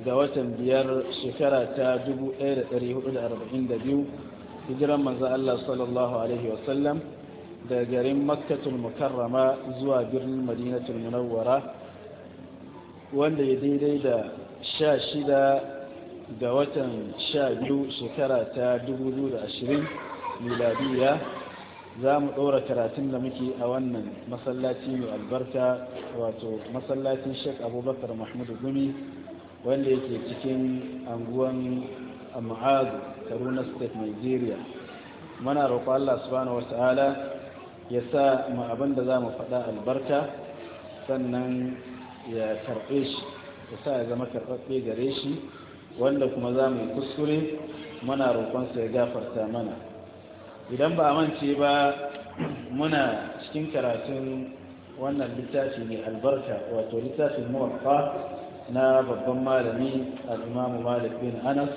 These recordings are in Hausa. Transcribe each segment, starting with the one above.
ga watan biyar shekara ta 1442 hijiran manzan Allah sallallahu Alaihi wasallam da garin makkatul mukarrama zuwa birnin madinatul munawwara wanda ya daidai da sha shida ga watan sha biyu shekara ta 2020 miladiya za mu ɗora karatun da muke a wannan masallaci mai albarka wato masallacin shek abubakar mahmudu gumi wanda yake cikin anguwan ma'adu kaduna state nigeria mana roƙo allah subhanahu wata'ala ya sa ma abin da za mu faɗa albarka sannan ya karɓe shi ya sa ya zama karɓaɓɓe gare shi wanda kuma za mu kuskure mana roƙonsa ya gafarta mana idan ba a mance ba muna cikin karatun wannan littafi ne albarka wato littafin muwaffa na babban malami al'imamu malik bin anas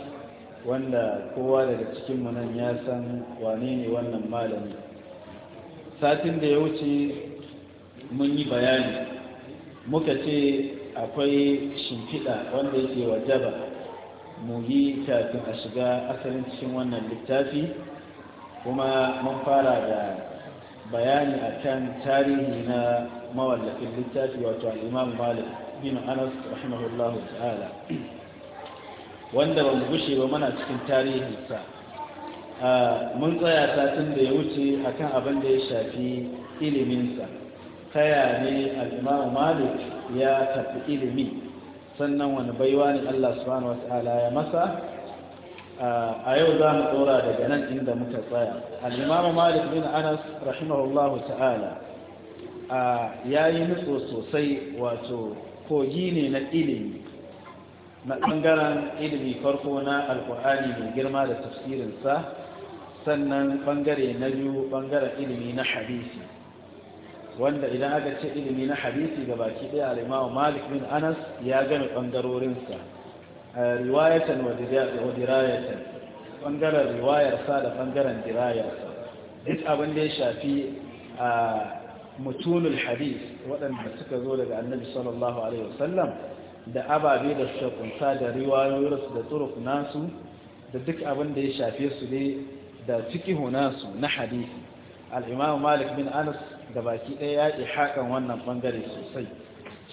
wanda kowa daga cikinmu nan ya san wane ne wannan malami satin da ya wuce mun yi bayani muka ce akwai shimfiɗa wanda yake wajaba mu yi kafin a shiga asalin cikin wannan littafi kuma mun fara da bayani a kan tarihi na mawallafin littafi wato al'imam malik bin anas rahimahullahu ta'ala wanda ba mu gushe ba mana cikin tarihinsa mun tsaya satin da ya wuce akan abin da ya shafi iliminsa taya ne al'imam malik ya tafi ilimi sannan wani baiwa ne allah subhanahu wa ta'ala ya masa a yau za mu ɗora daga nan inda muka tsaya al'imamu malik bin anas rahimahullahu ta'ala ya yi nutso sosai wato kogi ne na ilimi na ɓangaren ilimi farko na alkur'ani mai girma da tafsirinsa sannan ɓangare na biyu ɓangaren ilimi na hadisi wanda idan aka ce ilimi na hadisi ga baki ɗaya al'imamu malik bin anas ya gane ɓangarorinsa riwayatan wa dirayatan bangaren riwayarsa da bangaren dirayarsa duk abin da ya shafi a mutunul hadis waɗanda suka zo daga annabi sallallahu alaihi wasallam da ababe da suka kunsa da riwayoyinsu da turuk nasu da duk abin da ya shafe su ne da fikihu nasu na hadis al malik bin anas da baki ɗaya ya ƙi hakan wannan bangare sosai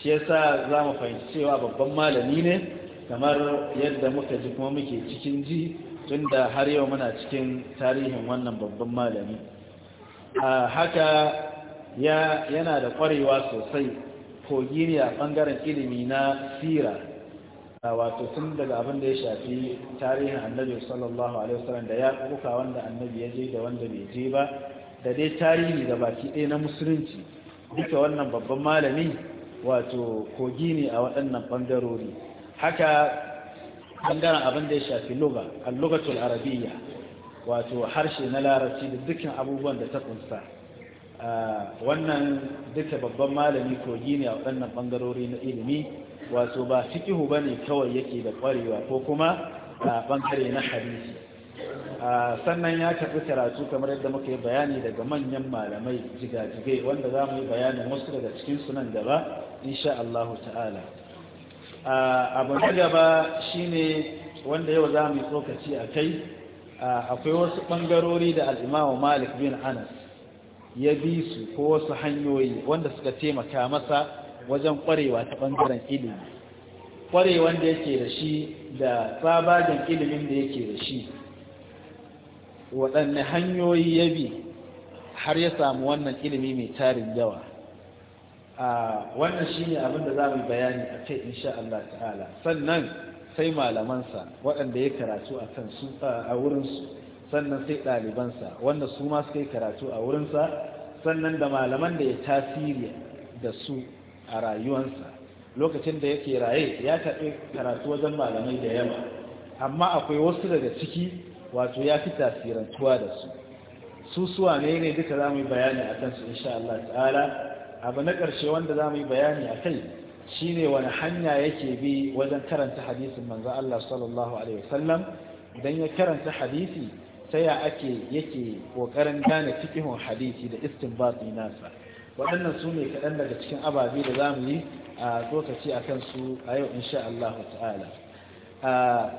shi yasa za mu fahimci cewa babban malami ne kamar yadda muka ji kuma muke cikin ji tunda har yau muna cikin tarihin wannan babban malami a haka ya yana da kwarewa sosai kogi ne a bangaren ilimi na sira wato tun daga abin da ya shafi tarihin annabi sallallahu alaihi wasallam da ya kuka wanda annabi ya je da wanda bai je ba da dai tarihi da baki ɗaya na musulunci duka wannan babban malami wato kogi ne a waɗannan ɓangarori haka bangaren abin da ya shafi luga al-lugatul arabiyya wato harshe na larabci da dukkan abubuwan da ta kunsa wannan duka babban malami kogi ne a waɗannan bangarori na ilimi wato ba fikihu bane kawai yake da ƙwarewa ko kuma a bangare na hadisi sannan ya tafi karatu kamar yadda muka yi bayani daga manyan malamai jigajigai wanda za mu yi bayanin wasu daga cikin sunan gaba insha allahu ta'ala abu na gaba shine wanda yau za mu yi tsokaci a kai akwai wasu ɓangarori da al'imawa malik bin anas ya bi su ko wasu hanyoyi wanda suka taimaka masa wajen ƙwarewa ta ɓangaren ilimi ƙwarewan da yake da shi da tsabagen ilimin da yake da shi waɗanne hanyoyi ya bi har ya samu wannan ilimi mai tarin yawa wannan shi ne abin da za mu bayani a kai insha Allah ta'ala sannan sai malamansa waɗanda ya karatu a kan su a wurinsu sannan sai ɗalibansa wanda su ma suka yi karatu a wurinsa sannan da malaman da ya tasiri da su a rayuwansa lokacin da yake raye ya taɓe karatu wajen malamai da yawa amma akwai wasu daga ciki wato ya fi tasirantuwa da su su ne ne duka za mu yi bayani a kansu insha Allah ta'ala abu na ƙarshe wanda za mu yi bayani a kai shi ne wani hanya yake bi wajen karanta hadisin manzo Allah sallallahu alaihi wasallam idan ya karanta hadisi ta ya ake yake ƙoƙarin gane cikin hadisi da istinbati nasa waɗannan su ne kaɗan daga cikin ababe da za mu yi a lokaci a kan su a yau insha Allah ta'ala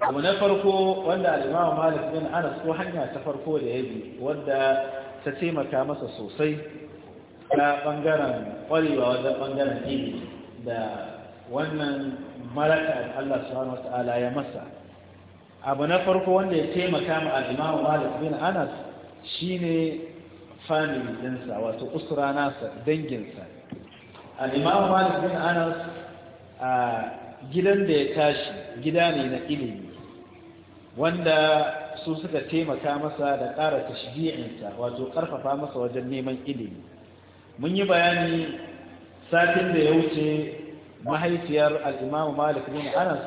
abu na farko wanda al'imamu malik bin anas ko hanya ta farko da ya bi wadda ta taimaka masa sosai ta ɓangaren ƙwarewa wajen ɓangaren ilimi da wannan malaka Allah subhanahu wata'ala ya masa abu na farko wanda ya taimaka ma al'imamu malik bin anas shine family dinsa wato usra nasa danginsa al'imamu malik bin anas a gidan da ya tashi gida ne na ilimi wanda su suka taimaka masa da ƙara tashbi'insa wato ƙarfafa masa wajen neman ilimi mun yi bayani satin da ya wuce mahaifiyar al'imamu malik bin anas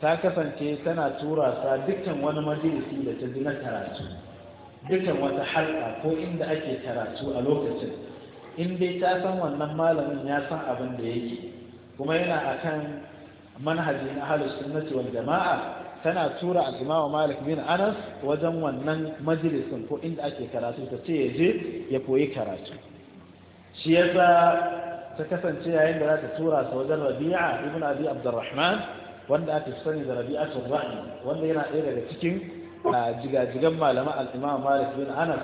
ta kasance tana tura sa dukkan wani majalisi da ta na karatu dukkan wata halka ko inda ake karatu a lokacin in dai ta san wannan malamin ya san abin da yake kuma yana akan manhaji na ahlus sunnati wal jama'a tana tura al wa malik bin anas wajen wannan majalisin ko inda ake karatu ta ce ya je ya koyi karatu shi yasa ta kasance yayin da za ta tura su wajen rabi'a ibn abi abdurrahman wanda aka sani da rabi'atul ra'i wanda yana ɗaya daga cikin jigajigan malaman al-imam malik bin anas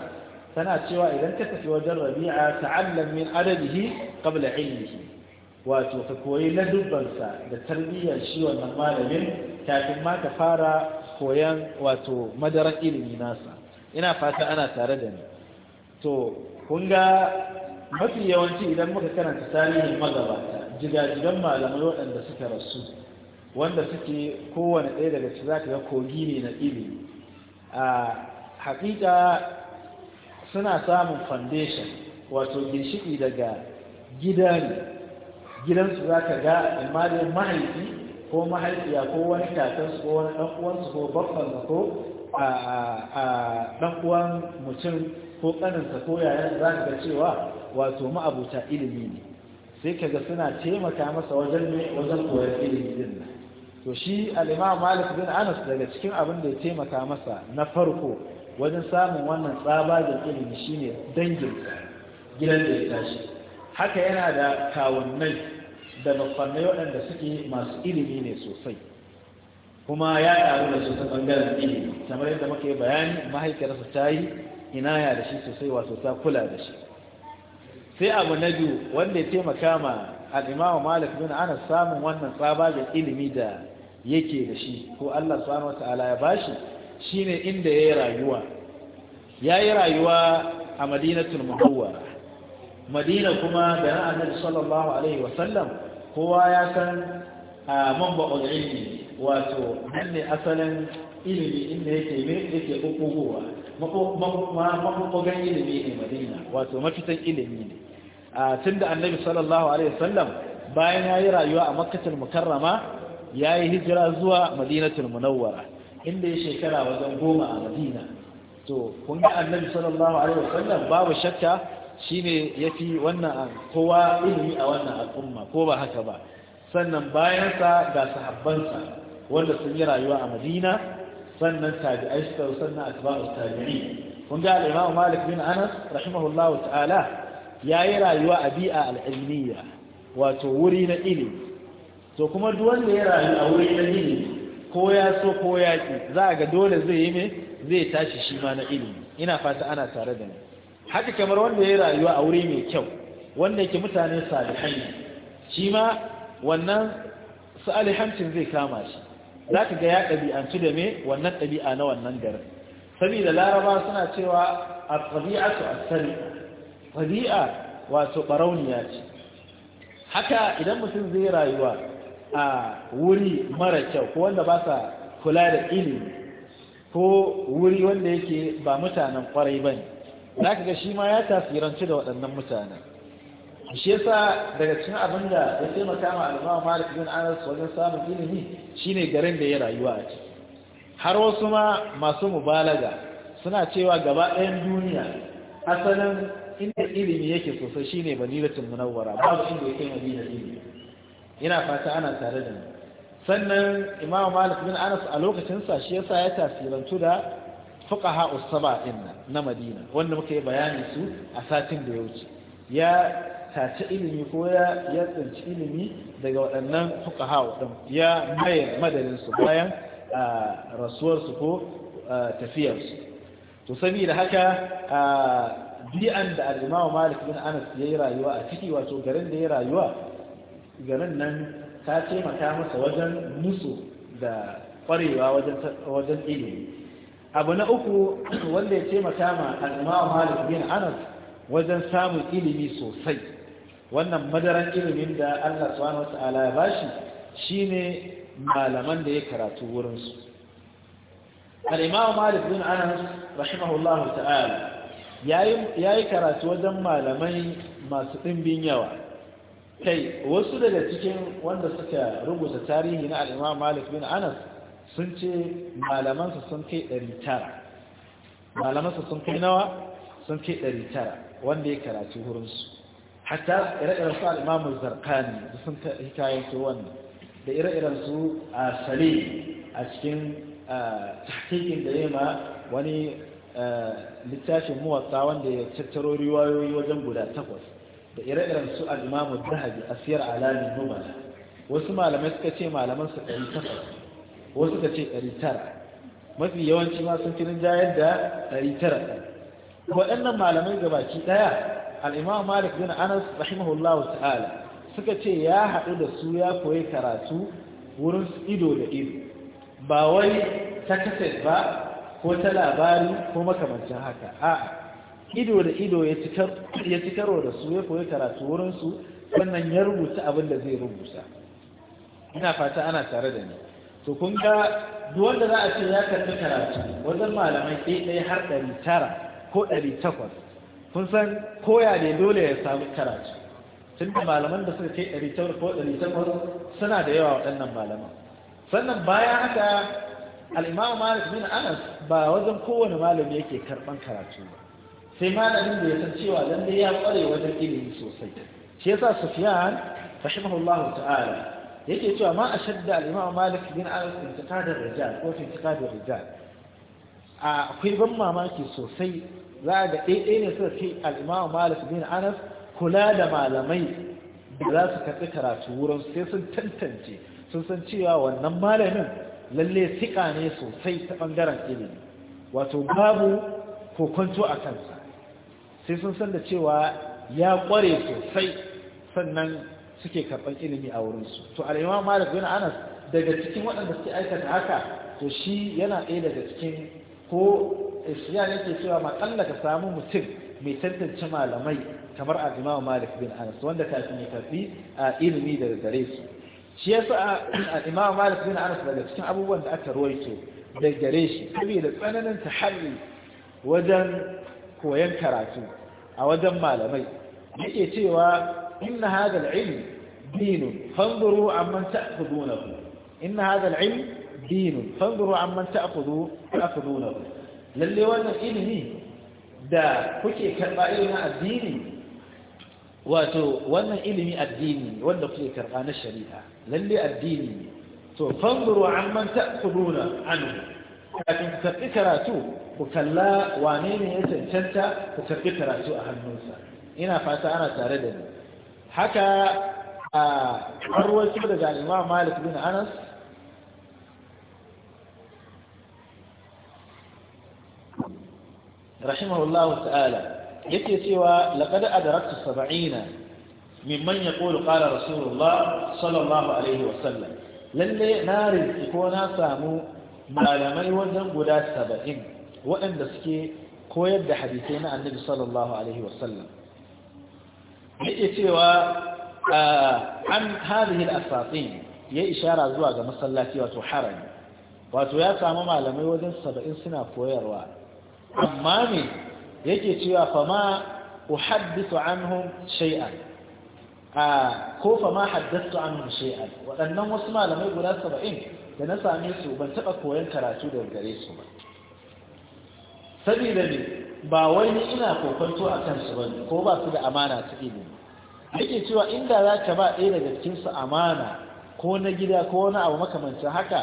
tana cewa idan ka tafi wajen rabi'a ta'allam min adabihi qabla ilmihi wato ka koyi ladubbansa da tarbiyyar shi wannan malamin kafin ma ka fara koyan wato madaran ilimi nasa ina fata ana tare da ni to kun ga mafi yawanci idan muka karanta tarihin magabata jigajigan malamai waɗanda suka rasu wanda suke kowane ɗaya daga ci za ka ga kogi ne na ilimi a haƙiƙa suna samun foundation wato ginshiƙi daga gida ne gidansu za ka ga amma dai mahaifi ko mahaifiya ko wani kakansu ko wani ɗan uwansu ko babbansa ko a ɗanuwan mutum ko ƙaninsa ko yayan za ka ga cewa wato ma'abuta ilimi ne sai kaga suna taimaka masa wajen ne wajen koyar ilimi din nan to shi al-Imam Malik bin Anas daga cikin abin da ya taimaka masa na farko wajen samun wannan tsabagen ilimi shine dangin gidan da ya tashi haka yana da kawunnai da bakwanai waɗanda suke masu ilimi ne sosai kuma ya ɗaru da sosai ɓangaren ilimi kamar yadda muka yi bayani mahaifiyarsa ta yi ya da shi sosai wato ta kula da shi sai abu na biyu wanda ya taimaka ma al'imamu malik bin ana samun wannan tsaba da ilimi da yake da shi ko allah subhanahu wata'ala ya bashi shine inda ya yi rayuwa ya yi rayuwa a madinatul muhawwara madina kuma da na annabi sallallahu alaihi wasallam kowa ya san a man mamba ilmi wato nan ne asalin ilimi inda yake ne yake kokowa makokogan ilimi ne madina wato mafitan ilimi ne tunda annabi sallallahu alaihi wasallam bayan yayi rayuwa a makkatul mukarrama yi hijira zuwa madinatul munawwara inda ya shekara wajen goma a madina to kun yi annabi sallallahu alaihi wasallam babu shakka shine yafi wannan kowa ilimi a wannan al'umma ko ba haka ba sannan bayansa ga sahabbansa wanda sun yi rayuwa a madina sannan tabi'ai sannan atba'u tabi'i kun ga al-imam malik bin anas rahimahullahu ta'ala ya yi rayuwa a bi'a al'ilmiya wato wuri na ilimi to kuma duk wanda ya rayu a wuri na ilimi ko ya so ko ya ki za a ga dole zai yi mai zai tashi shi ma na ilimi ina fata ana tare da ni haka kamar wanda ya rayuwa a wuri mai kyau wanda yake mutane salihai shi ma wannan salihancin zai kama shi za ka ga ya ɗabi'antu da me wannan ɗabi'a na wannan garin Sabida laraba suna cewa a ɗabi'atu a sari'a tabi'a wato barauniya ce haka idan mutum zai rayuwa a wuri mara kyau ko wanda ba sa kula da ilimi ko wuri wanda yake ba mutanen kwarai ba ne za ka ga shi ma ya tasiranci da waɗannan mutanen shi yasa daga cikin abin da ya taimaka ma al'umma malik bin anas wajen samun ilimi shine garin da ya rayuwa a ciki har wasu ma masu mubalaga suna cewa gaba ɗayan duniya asalin inda ilimi yake sosai shine madinatul munawwara babu inda yake madina ilimi ina fata ana tare da ni. sannan imam malik bin anas a lokacin sa shi yasa ya tasirantu da fuqaha usaba inna na madina wanda muka yi bayani su a satin da ya wuce ya tace ilimi ko ya ya tsinci ilimi daga waɗannan fuqaha din ya maye madarin su bayan rasuwar su ko tafiyar su to saboda haka bi'an da al-Imam Malik bin Anas yayi rayuwa a ciki wato garin da ya rayuwa garin nan ta taimaka masa wajen musu da kwarewa wajen ilimi abu na uku wanda ya taimaka ma al-Imam Malik bin Anas wajen samun ilimi sosai wannan madaran ilimin da Allah subhanahu wata'ala ya bashi shine malaman da ya karatu wurinsu al-Imam Malik bin Anas rahimahullahu ta'ala ya yi karatu wajen malamai masu ɗimbin yawa kai wasu daga cikin wanda suka rubuta tarihi na al'imam malik bin anas sun ce malamansa sun kai tara. malamansa sun kai nawa sun kai tara wanda ya karatu hurinsu hatta ire-iren su al'imamu zarkani da sun su wannan da ire-iren su a ah, sale a cikin ah, tahkikin da ya ma wani Eh, littafin muwatsa wanda ya tattaro riwayoyi wajen guda takwas da ire-iren su al-imamu dahabi a siyar alamin numara wasu malamai suka ce malaman su ɗari takwas wasu suka ce ɗari tara mafi yawanci ma sun fi rinjayar da ɗari tara waɗannan malamai gabaki ɗaya al'imam malik bin anas rahimahullahu ta'ala suka ce ya haɗu da su ya koyi karatu wurin ido da ido ba wai ta kaset ba ko ta labari ko makamancin haka a ido da ido ya ci karo da su ya koyi karatu wurinsu wannan ya rubuta abin da zai rubuta ina fata ana tare da ni to kun ga wanda za a ce ya karɓi karatu wajen malamai ɗaya har ɗari tara ko ɗari takwas kun san koya ne dole ya samu karatu tun da malaman da suka kai ɗari tara ko ɗari takwas suna da yawa waɗannan malaman sannan bayan haka al'imam malik bin anas ba wajen kowane malami yake karɓan karatu ba sai malamin da ya san cewa lallai ya kware wajen ilimi sosai shi yasa sufyan rahimahullah ta'ala yake cewa ma ashadda al-imam malik bin anas intiqad rijal ko intiqad ar-rijal akwai ban mamaki sosai za ga ɗaiɗai ne suka ce al malik bin anas kula da malamai da za su karɓi karatu wurin sai sun tantance sun san cewa wannan malamin lalle siƙa ne sosai ta ɓangaren ilimi wato babu kokonto a kansa sai sun san da cewa ya ƙware sosai sannan suke karɓar ilimi a wurinsu to al'imam malik bin anas daga cikin waɗanda suke aikata haka to shi yana ɗaya daga cikin ko isyan yake cewa maƙalla ka samu mutum mai tantance malamai kamar a a malik bin anas wanda kafin ya karɓi a ilimi daga gare su shi yasa imam malik bin anas daga cikin abubuwan da aka ruwaito da gare shi saboda tsananin taharri wajen koyan karatu a wajen malamai yake cewa in na al-ilm din fanzuru amman ta'khudunahu inna hadha al-ilm din fanzuru amman ta'khudu ta'khudunahu lalle wannan ilimi da kuke karba ilimin addini wato wannan ilimi addini wanda kuke karba na shari'a lalle addini ne to fanzuru amman ta'khuduna anhu kafin karɓi karatu ku kalla wane ne ya cancanta ku karbi karatu a hannunsa ina fata ana tare da ni haka a arwaci daga imam malik bin anas rahimahullahu ta'ala yake cewa laqad adraktu sab'ina mimman ya ƙoli ƙara rasulullah sallallahu alaihi wasallam lalle na rinki ko na samu malamai wajen guda saba'in waɗanda suke koyar da hadisai na annabi sallallahu alaihi wasallam yake cewa an hadihin asasin ya ishara zuwa ga masallaci wato haram wato ya samu malamai wajen saba'in suna koyarwa amma ne yake cewa fama uhaddithu anhum shay'an a ko fa ma haddastu an shay'an waɗannan wasu malamai guda saba'in da na same su ban taɓa koyon karatu daga gare su ba saboda ne ba wai ni ina kokonto a kansu ba ko ba su da amana ta ilimi yake cewa inda za ka ba ɗaya daga cikin su amana ko na gida ko na abu makamancin haka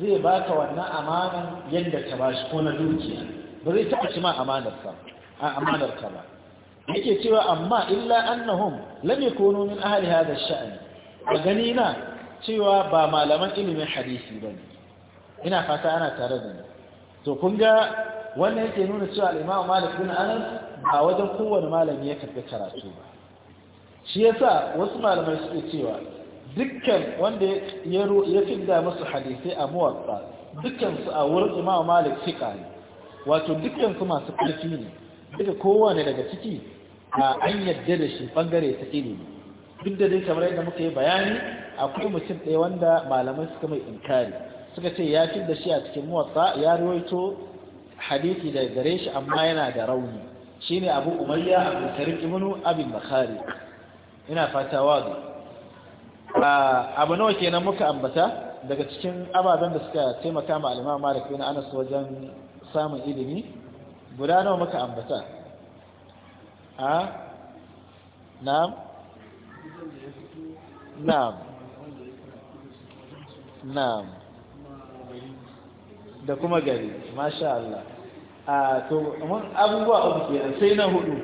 zai baka wannan amanan yadda ka bashi ko na dukiya ba zai taɓa ci ma amanar ka ba yake cewa amma illa annahum lam yakunu min ahli hadha ash-sha'n a gani na cewa ba malaman ilimin hadisi bane ina fata ana tare da ni to kun ga wannan yake nuna cewa al imamu Malik bin Anas ba wajen kowane malami ya karbi karatu ba shi yasa wasu malamai suke cewa dukkan wanda ya ya fidda musu hadisi a muwatta dukkan su a wurin imamu Malik fiqa ne wato dukkan su masu ƙarfi ne duka kowane daga ciki a an yadda da shi bangare ta ilimi duk da dai kamar yadda muka yi bayani akwai mutum ɗaya wanda malamai suka mai inkari suka ce ya fi da shi a cikin muwatsa ya rawaito hadisi da gare shi amma yana da rauni shine abu umayya abu kusurin ibnu abin bakari ina fata wazo abu nawa kenan muka ambata daga cikin ababen da suka taimaka ma al'imam malik bin anas wajen samun ilimi guda nawa muka ambata a na'am na'am na'am da kuma gari masha Allah a to mun abubuwa uku kenan sai na hudu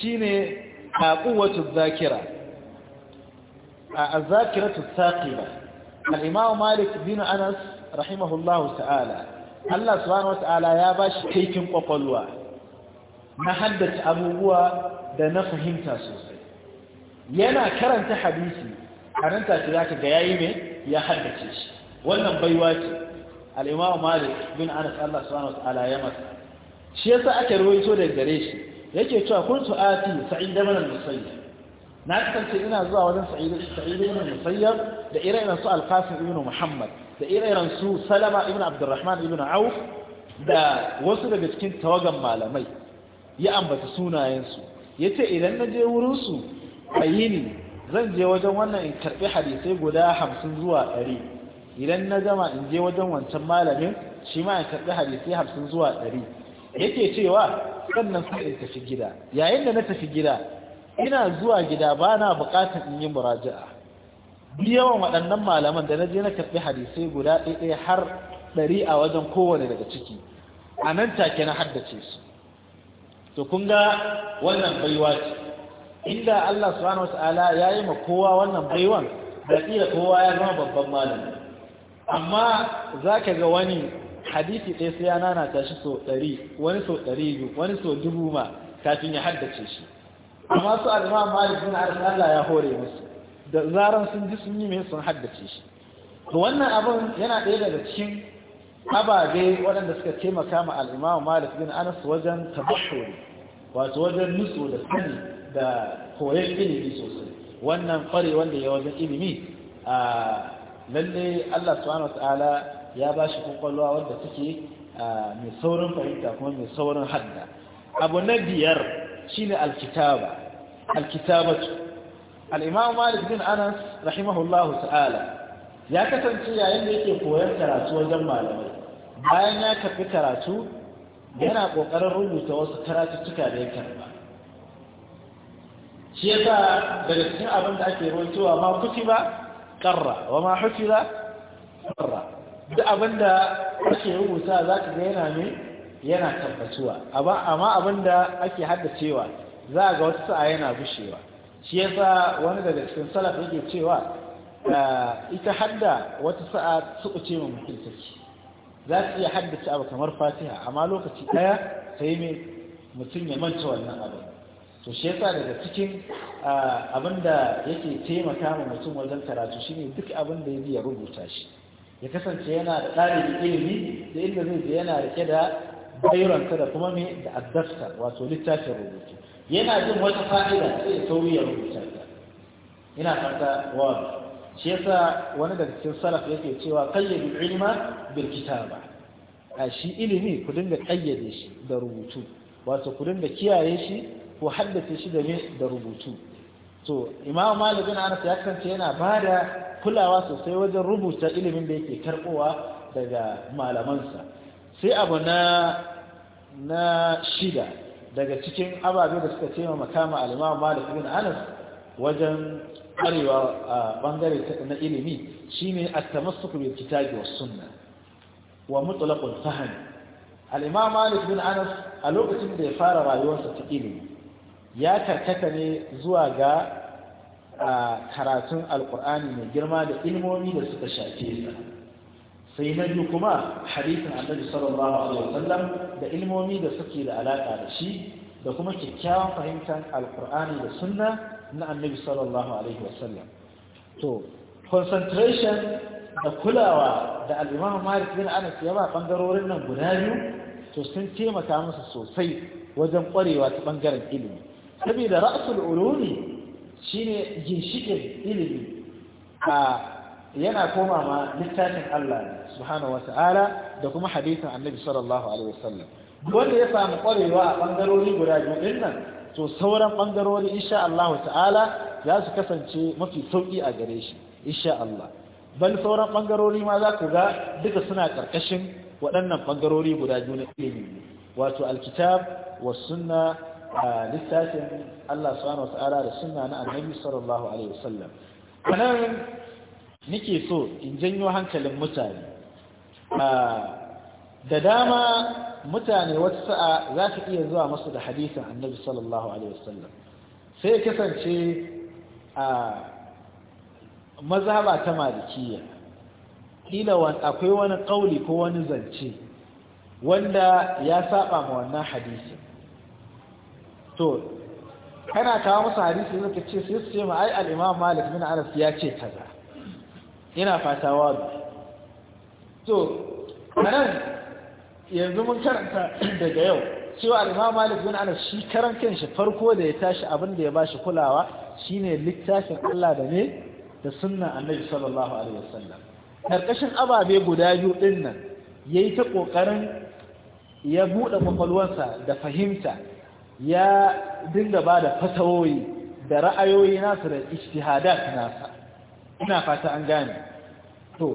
shine aquwatu zakira a zakiratu thaqila al-imam malik bin anas rahimahullahu ta'ala Allah subhanahu wata'ala ya ba shi taikin kwakwalwa na haddace abubuwa da na fahimta sosai yana karanta hadisi karanta shi za ka ga yayi ne ya haddace shi wannan baiwa ce al'imamu malik bin anas Allah subhanahu wata'ala ya masa shi yasa aka rawaito da gare shi yake cewa su ati sa'id da manan na kasance ina zuwa wajen sa'idu ibn musayyab da ire-iren su alkasim ibn muhammad da ire-iren su salama ibn abdurrahman ibn auf da wasu daga cikin tawagan malamai ya ambata sunayensu ya ce idan na je wurinsu a yini zan je wajen wannan in karɓi hadisai guda hamsin zuwa ɗari idan na gama in je wajen wancan malamin shi ma in karɓi hadisai hamsin zuwa ɗari yake cewa sannan sai in tafi gida yayin da na tafi gida ina zuwa gida ba na bukatar in yi muraja'a duk yawan waɗannan malaman da na je na karɓi hadisai guda ɗaya har ɗari a wajen kowane daga ciki a nan take na haddace su to kun ga wannan baiwa ce inda Allah subhanahu wata'ala ya yi ma kowa wannan baiwan da ƙila kowa ya zama babban malami amma za ka ga wani hadisi ɗaya sai ya nana tashi sau ɗari wani sau ɗari biyu wani sau dubu ma kafin ya haddace shi amma su al'imam malik bin arif Allah ya hore musu da zaran sun ji sun yi mai sun haddace shi wannan abun yana ɗaya daga cikin ababe waɗanda suka taimaka ma al'imam malik bin anas wajen tabashuri wato wajen nutso da sani da koyon ilimi sosai wannan kware wanda ya wajen ilimi a lalle Allah subhanahu ta'ala ya ba shi kwakwalwa wanda suke mai saurin fahimta kuma mai saurin hadda abu na biyar shine alkitaba alkitabatu al malik bin anas rahimahullahu ta'ala ya kasance yayin da yake koyar karatu wajen malamai bayan ya karfi karatu yana ƙoƙarin rubuta wasu cika da ya karba shi yasa daga cikin abin da ake rawaitowa ma kutiba qarra wa ma hufiza qarra duk abin da ake rubuta zaka ga yana ne yana tabbatuwa amma abinda ake haddacewa za ga wata sa'a yana bushewa shi yasa wani daga cikin salaf yake cewa ah, ita hadda wata sa'a uce mu mutum take za su iya haddace abu kamar fatiha amma lokaci daya sai mai mutum ya manta wannan abu to shi yasa daga cikin ah, abinda yake taimaka ma mutum wajen karatu shine duk abin da ya rubuta shi ya kasance yana da ɗalibin ilimi da inda zai yana rike da bayaranta da kuma mai da addasta wato littafin rubutu yana jin wata fa'ida sai ya sauri ya ina fata wa shi yasa wani daga cikin salaf yake cewa qayyidul ilma bil kitaba a shi ilimi ku dinga kayyade shi da rubutu wato ku dinga kiyaye shi ko haddace shi da da rubutu to imam malik bin anas ya kance yana bada kulawa sosai wajen rubuta ilimin da yake karbowa daga malamansa sai abu na na shida daga cikin ababe da suka taimaka kama al-Imam Malik bin Anas wajen arewa a bangare na ilimi shine at-tamassuk bil kitabi wa sunnah wa mutlaq al-fahm al-Imam Malik bin Anas a lokacin da ya fara rayuwarsa ta ilimi ya karkata ne zuwa ga karatun alkur'ani mai girma da ilmomi da suka shafe sa sai na biyu kuma hadisin annabi sallallahu alaihi wasallam da ilmomi da suke da alaka da shi da kuma kyakkyawan fahimtar alkur'ani da sunna na annabi sallallahu alaihi wasallam to concentration da kulawa da al'imam malik bin anas ya ba bangarorin nan guda biyu to sun taimaka musu sosai wajen kwarewa ta bangaren ilimi saboda ra'sul ulumi shine ginshikin ilimi a yana koma ma littafin Allah ne subhanahu wa ta'ala da kuma hadisin annabi sallallahu alaihi wasallam wanda ya samu kwarewa a bangarori guda biyu din nan to sauran bangarori insha Allah ta'ala za su kasance mafi sauki a gare shi insha Allah bal sauran bangarori ma za ku ga duka suna karkashin waɗannan bangarori guda biyu na ilimi wato alkitab wa sunna littafin Allah subhanahu wa ta'ala da sunna na annabi sallallahu alaihi wasallam anan nake so in janyo hankalin mutane Ah, da dama mutane wata sa'a za ka iya zuwa masu da hadisin annabi sallallahu alaihi wasallam sai ya kasance a ah, mazhaba ta malikiya kila akwai wani kauli ko wani zance wanda ya saba ma wannan hadisin to kana kawo musu hadisi ka ce sai su ce ma ai al malik min Aras ya ce kaza ina fata wa to anan yanzu mun karanta daga yau cewa al Malik bin Anas shi karan kanshi farko da ya tashi abin da ya bashi kulawa shine littafin Allah da ne da sunnan Annabi sallallahu alaihi wasallam karkashin ababe guda biyu din nan yayi ta kokarin ya bude kwakwalwarsa da fahimta ya dinga ba da fatawoyi da ra'ayoyi nasu da ijtihadat nasa ina fata an gane to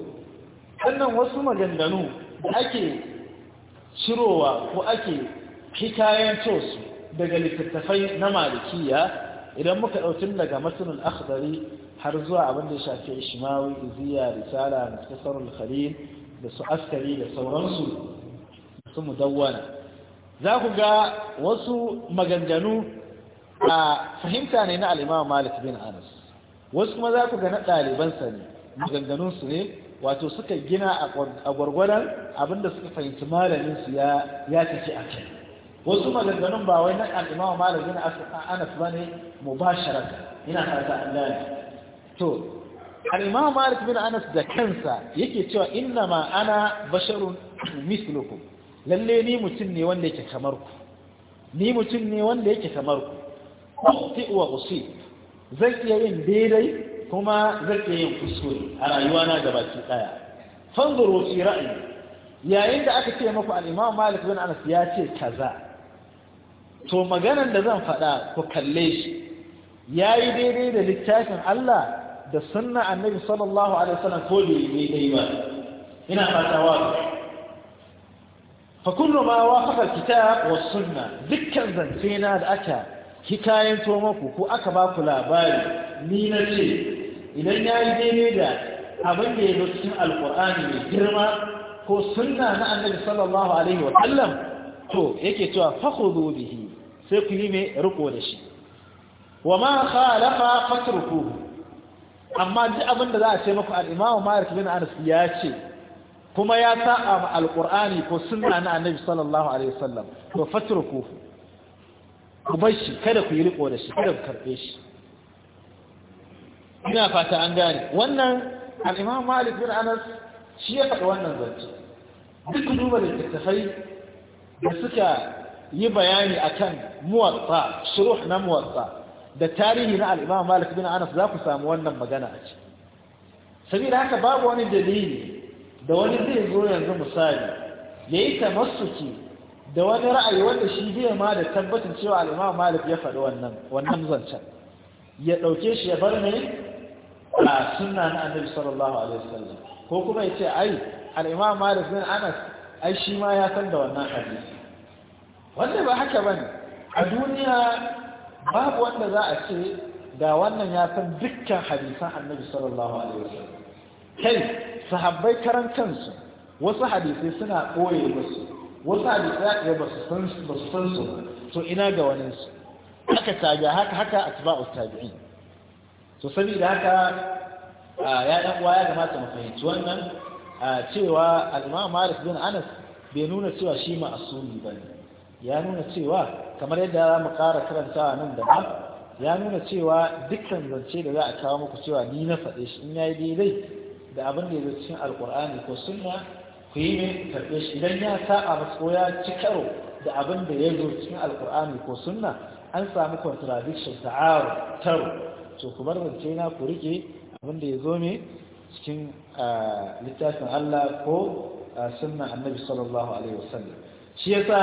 wannan wasu maganganu da ake cirowa ko ake hikayen su daga littattafai na malikiya idan muka ɗaukin daga matanin akhdari har zuwa abin da shafi ishimawi iziya risala mustasarul khalil da su askari da sauransu su mudawwana za ku ga wasu maganganu a fahimta ne na al'imama malik bin anas wasu kuma za ku ga na ɗalibansa ne maganganunsu ne wato suka gina a gwargwadon abinda suka fahimci malamin su ya ya tafi a kai wasu maganganun ba wai na al'imamu malamin anas ba ne mu ba ina fata an gane to al'imamu malamin bin anas da kansa yake cewa inna ma ana basharun mislukum lalle ni mutum ne wanda yake kamar ku ni mutum ne wanda yake kamar ku wa usi zan iya yin daidai kuma zan iya yin kuskure a rayuwana gabaki daya fanzuru fi ra'ayi yayin da aka ce maku al-Imam Malik bin Anas ya ce kaza to maganan da zan faɗa ku kalle shi yayi daidai da littafin Allah da sunna Annabi sallallahu alaihi wasallam ko da daidai ba ina fata wa fa kullu ma wafaqa kitab sunna dukkan na da aka hikayen to maku ko aka ba ku labari ni na ce idan ya yi daidai da abin da ya zo cikin alkur'ani mai girma ko sunna na annabi sallallahu alaihi wa sallam to yake cewa fakhudhu bihi sai ku yi mai riko da shi wa ma khalafa fatruku amma duk abin da za a ce muku al-imamu Malik bin Anas ya ce kuma ya sa'a ma alqur'ani ko sunna na annabi sallallahu alaihi wasallam to fatruku ku bar shi kada ku yi riko da shi kada ku karbe shi ina fata an gane wannan al'imam malik bin anas shi ya faɗi wannan zance duk duba littattafai da suka yi bayani a kan muwatsa shuruh na muwatsa da tarihi na al'imam malik bin anas za ku samu wannan magana a ciki Sabida haka babu wani dalili da wani zai zo yanzu misali ya yi tamassuki da wani ra'ayi wanda shi biya ma da tabbatin cewa al'imam malik ya faɗi wannan zancen ya ɗauke shi ya bar ne a suna na annabi sallallahu alaihi wasallam ko kuma yace ai al-imam malik bin anas ai shi ma ya san da wannan hadisi wanda ba haka bane a duniya babu wanda za a ce da wannan ya san dukkan hadisan annabi sallallahu alaihi wasallam kai sahabbai karan kansu wasu hadisai suna koye musu wasu hadisai ya ba su san su ba su san su to ina ga wani su haka tabi'a haka haka atba'u tabi'in to saboda haka ya ɗan uwa ya kamata mu fahimci wannan cewa al-Imam Malik bin Anas bai nuna cewa shi ma asuli bane ya nuna cewa kamar yadda za mu ƙara karantawa nan da ya nuna cewa dukkan zance da za a kawo muku cewa ni na faɗe shi in yayi daidai da abin da ya cikin alkur'ani ko sunna ku yi min karɓe shi idan ya saba ba ko ya ci karo da abin da ya zo cikin alkur'ani ko sunna an samu contradiction ta'aru taro to ku bar na ku rike abinda ya zo me cikin littafin Allah ko sunnan annabi sallallahu alaihi wasallam shi yasa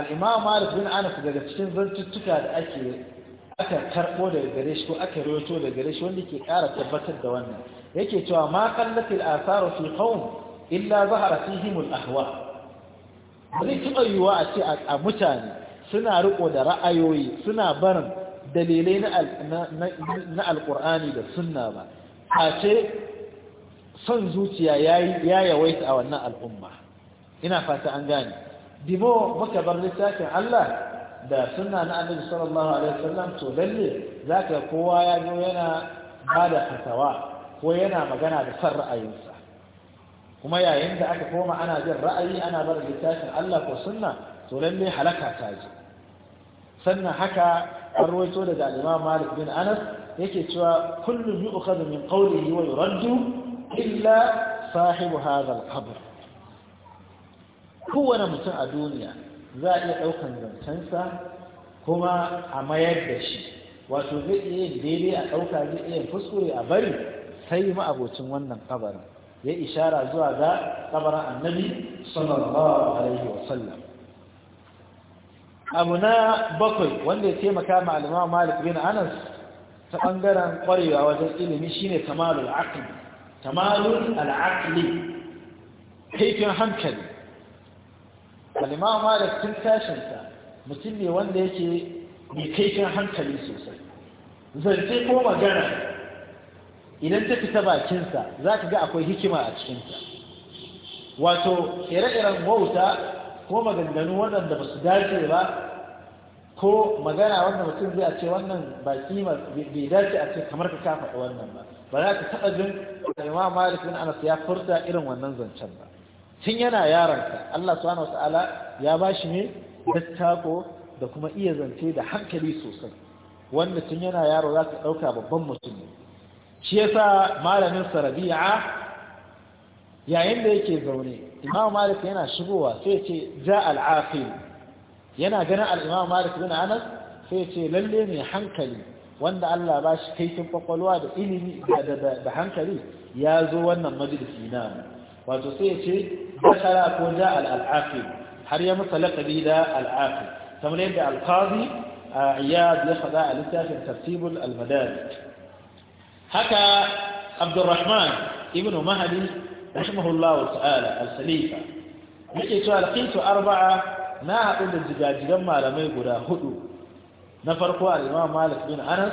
al-imam Malik bin Anas daga cikin zantuttuka da ake aka karbo da gare shi ko aka rawaito da gare shi wanda ke ƙara tabbatar da wannan yake cewa ma qallat al-athar fi qawm illa zahara fihim al-ahwa bai taɓa yiwuwa a ce a mutane suna riko da ra'ayoyi suna barin dalilai na alƙur'ani da sunna ba a ce son zuciya ya yawaita a wannan al'umma ina fata an gane dimo muka bar littafin Allah da sunna na annabi sallallahu alaihi wasallam to lalle zaka kowa ya zo yana bada fatawa ko yana magana da san ra'ayinsa kuma yayin da aka koma ana jin ra'ayi ana bar littafin Allah ko sunna to lalle halaka ta ji sannan haka an ruwaito daga al-imam malik bin anas yake cewa kullu yu'khadhu min qawlihi wa yuraddu illa sahibu hadha al-qabr kowane mutum a duniya za a iya ɗaukan zancensa kuma a mayar da shi wato zai iya daidai a ɗauka zai iya kuskure a bari sai ma'abocin wannan kabarin ya ishara zuwa ga kabarin annabi sallallahu alaihi wasallam abu na bakwai wanda ya taimaka ma al'imam malik bin anas ta ɓangaren ƙwarewa wajen ilimi shine kamalul aqli kamalul al'aqli kaifin hankali malik tun ta mutum ne wanda yake mai kaifin hankali sosai zance ko magana idan ta fita bakinsa za ka ga akwai hikima a cikinta wato ire-iren wauta ko maganganu waɗanda ba su dace ba ko magana wanda mutum zai a ce wannan ba kima bai dace a ce kamar ka kafa wannan ba ba za ka taɓa jin imam malik bin anas ya furta irin wannan zancen ba tun yana ka Allah subhanahu wataala ya ba shi ne dattako da kuma iya zance da hankali sosai wanda tun yana yaro za ka ɗauka babban mutum ne shi yasa malamin sa rabi'a yayin da yake zaune imam malik yana shigowa sai ce ja al'aqil yana ganin al'imam malik bin anas sai ce lalle ne hankali wanda Allah ba shi kaifin kwakwalwa da ilimi da hankali ya zo wannan majalisi na wato sai ce dakara ko ja al'aqil har ya masa laqabi da al'aqil kamar yadda al-qadi iyad ya faɗa a littafin tartibul al-madad haka abdurrahman ibnu mahdi rahimahullahu ta'ala cewa laqitu arba'a na haɗu da jigajigan malamai guda hudu na farko al-imam malik bin anas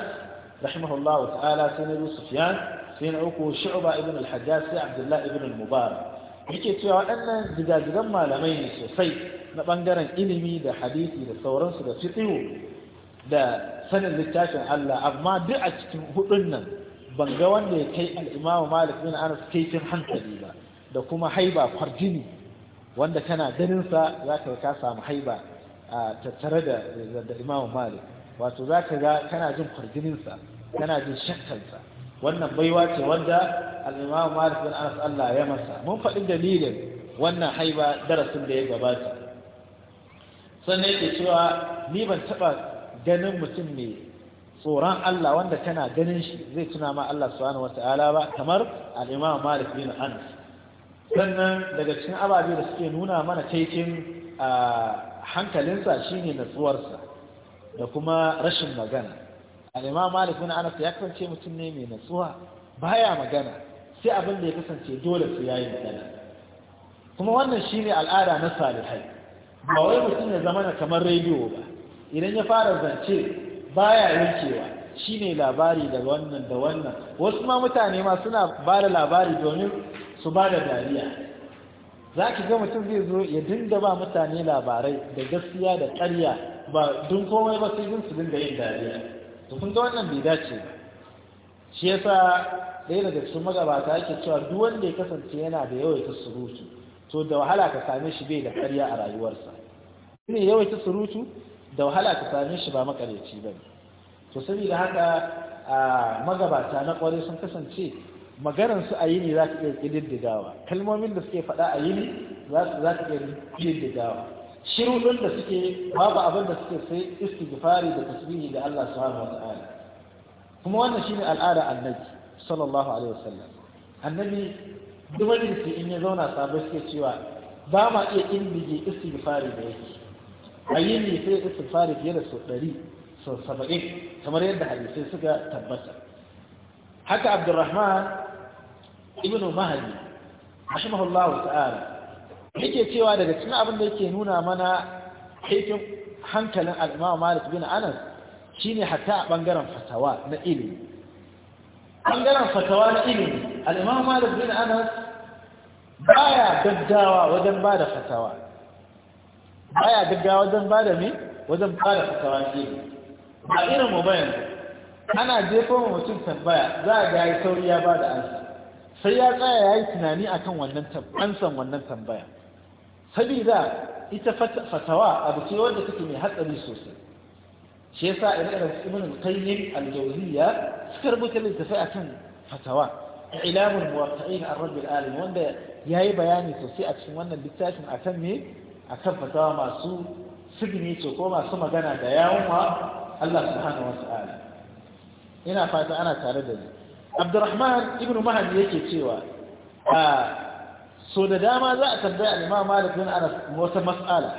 rahimahullahu ta'ala sai na sufyan sai na uku shu'ba ibn al-hajjaj sai abdullah ibn al-mubarak yake cewa waɗannan jigajigan malamai ne sosai na ɓangaren ilimi da hadisi da sauransu da fiqh da sanin littafin Allah amma duk a cikin hudun nan ban ga wanda ya kai al'imamu malik bin anas kaifin hankali ba da kuma haiba kwarjini wanda kana ganinsa za ka ka samu haiba a tattare da imamu malik wato za ka ga kana jin kwarjininsa kana jin shakkansa wannan baiwa ce wanda al'imamu malik bin anas allah ya masa mun faɗi dalilin wannan haiba darasin da ya gabata sannan yake cewa ni ban taɓa ganin mutum mai tsoron Allah wanda tana ganin shi zai tuna ma Allah subhanahu ta'ala ba kamar al-Imam Malik bin Anas sannan daga cikin ababe da suke nuna mana taikin hankalinsa shine natsuwarsa da kuma rashin magana al-Imam Malik bin Anas ya kasance mutum ne mai natsuwa baya magana sai abin da ya kasance dole su yayi magana kuma wannan shine al'ada na salihai ba wai mutum ya zama kamar rediyo ba idan ya fara zance baya yankewa shine labari da wannan da wannan wasu ma mutane ma suna ba da labari domin su ba da dariya za ki ga mutum zai zo ya dinda ba mutane labarai da gaskiya da ƙarya ba dun komai ba sai su dinga yin dariya to kun ga wannan bai dace ba shi yasa ɗaya daga cikin magabata yake cewa duk wanda ya kasance yana da yawaita surutu to da wahala ka same shi bai da karya a rayuwarsa ne yawaita surutu da wahala ka same shi ba makareci ba to saboda haka magabata na kware sun kasance magaran su a yini za ka iya kididdigawa kalmomin da suke faɗa a yini za ka iya ƙididdigawa shiruɗin da suke babu abin da suke sai istighfari da tasbihi da Allah subhanahu wa ta'ala kuma wannan shine al'ada annabi sallallahu alaihi wasallam annabi duk wani in ya zauna sabai suke cewa ba ma iya ƙididdige istighfari da yake a sai istighfari fiye da sau ɗari sau kamar yadda hadisai suka tabbata haka abdurrahman ibn mahali rahimahullah ta'ala yake cewa daga cikin abin da yake nuna mana haifin hankalin al'imam malik bin anas shine hatta a bangaren fatawa na ilimi bangaren fatawa na ilimi al'imam malik bin anas baya gaggawa wajen ba da fatawa baya gaggawa wajen ba da me wajen ba da fatawa ba irin mu bayan ana jefa ma mutum tambaya za a ga yi sauri ya ba da ansa sai ya tsaya ya yi tunani akan wannan ansan wannan tambaya sabida ita fatawa abu ce wanda take mai hatsari sosai shi yasa irin ibn al-qayyim al ya suka rubuta littafai akan fatawa a ilamin ar a rabin alim wanda ya yi bayani sosai a cikin wannan littafin a akan ne. a fasawa masu signature ko masu magana da yawon wa Allah subhanahu wata'ala ina fata ana tare da ni Abdurrahman ibn Mahdi yake cewa a so da dama za a tambaya Imam Malik bin Anas wata mas'ala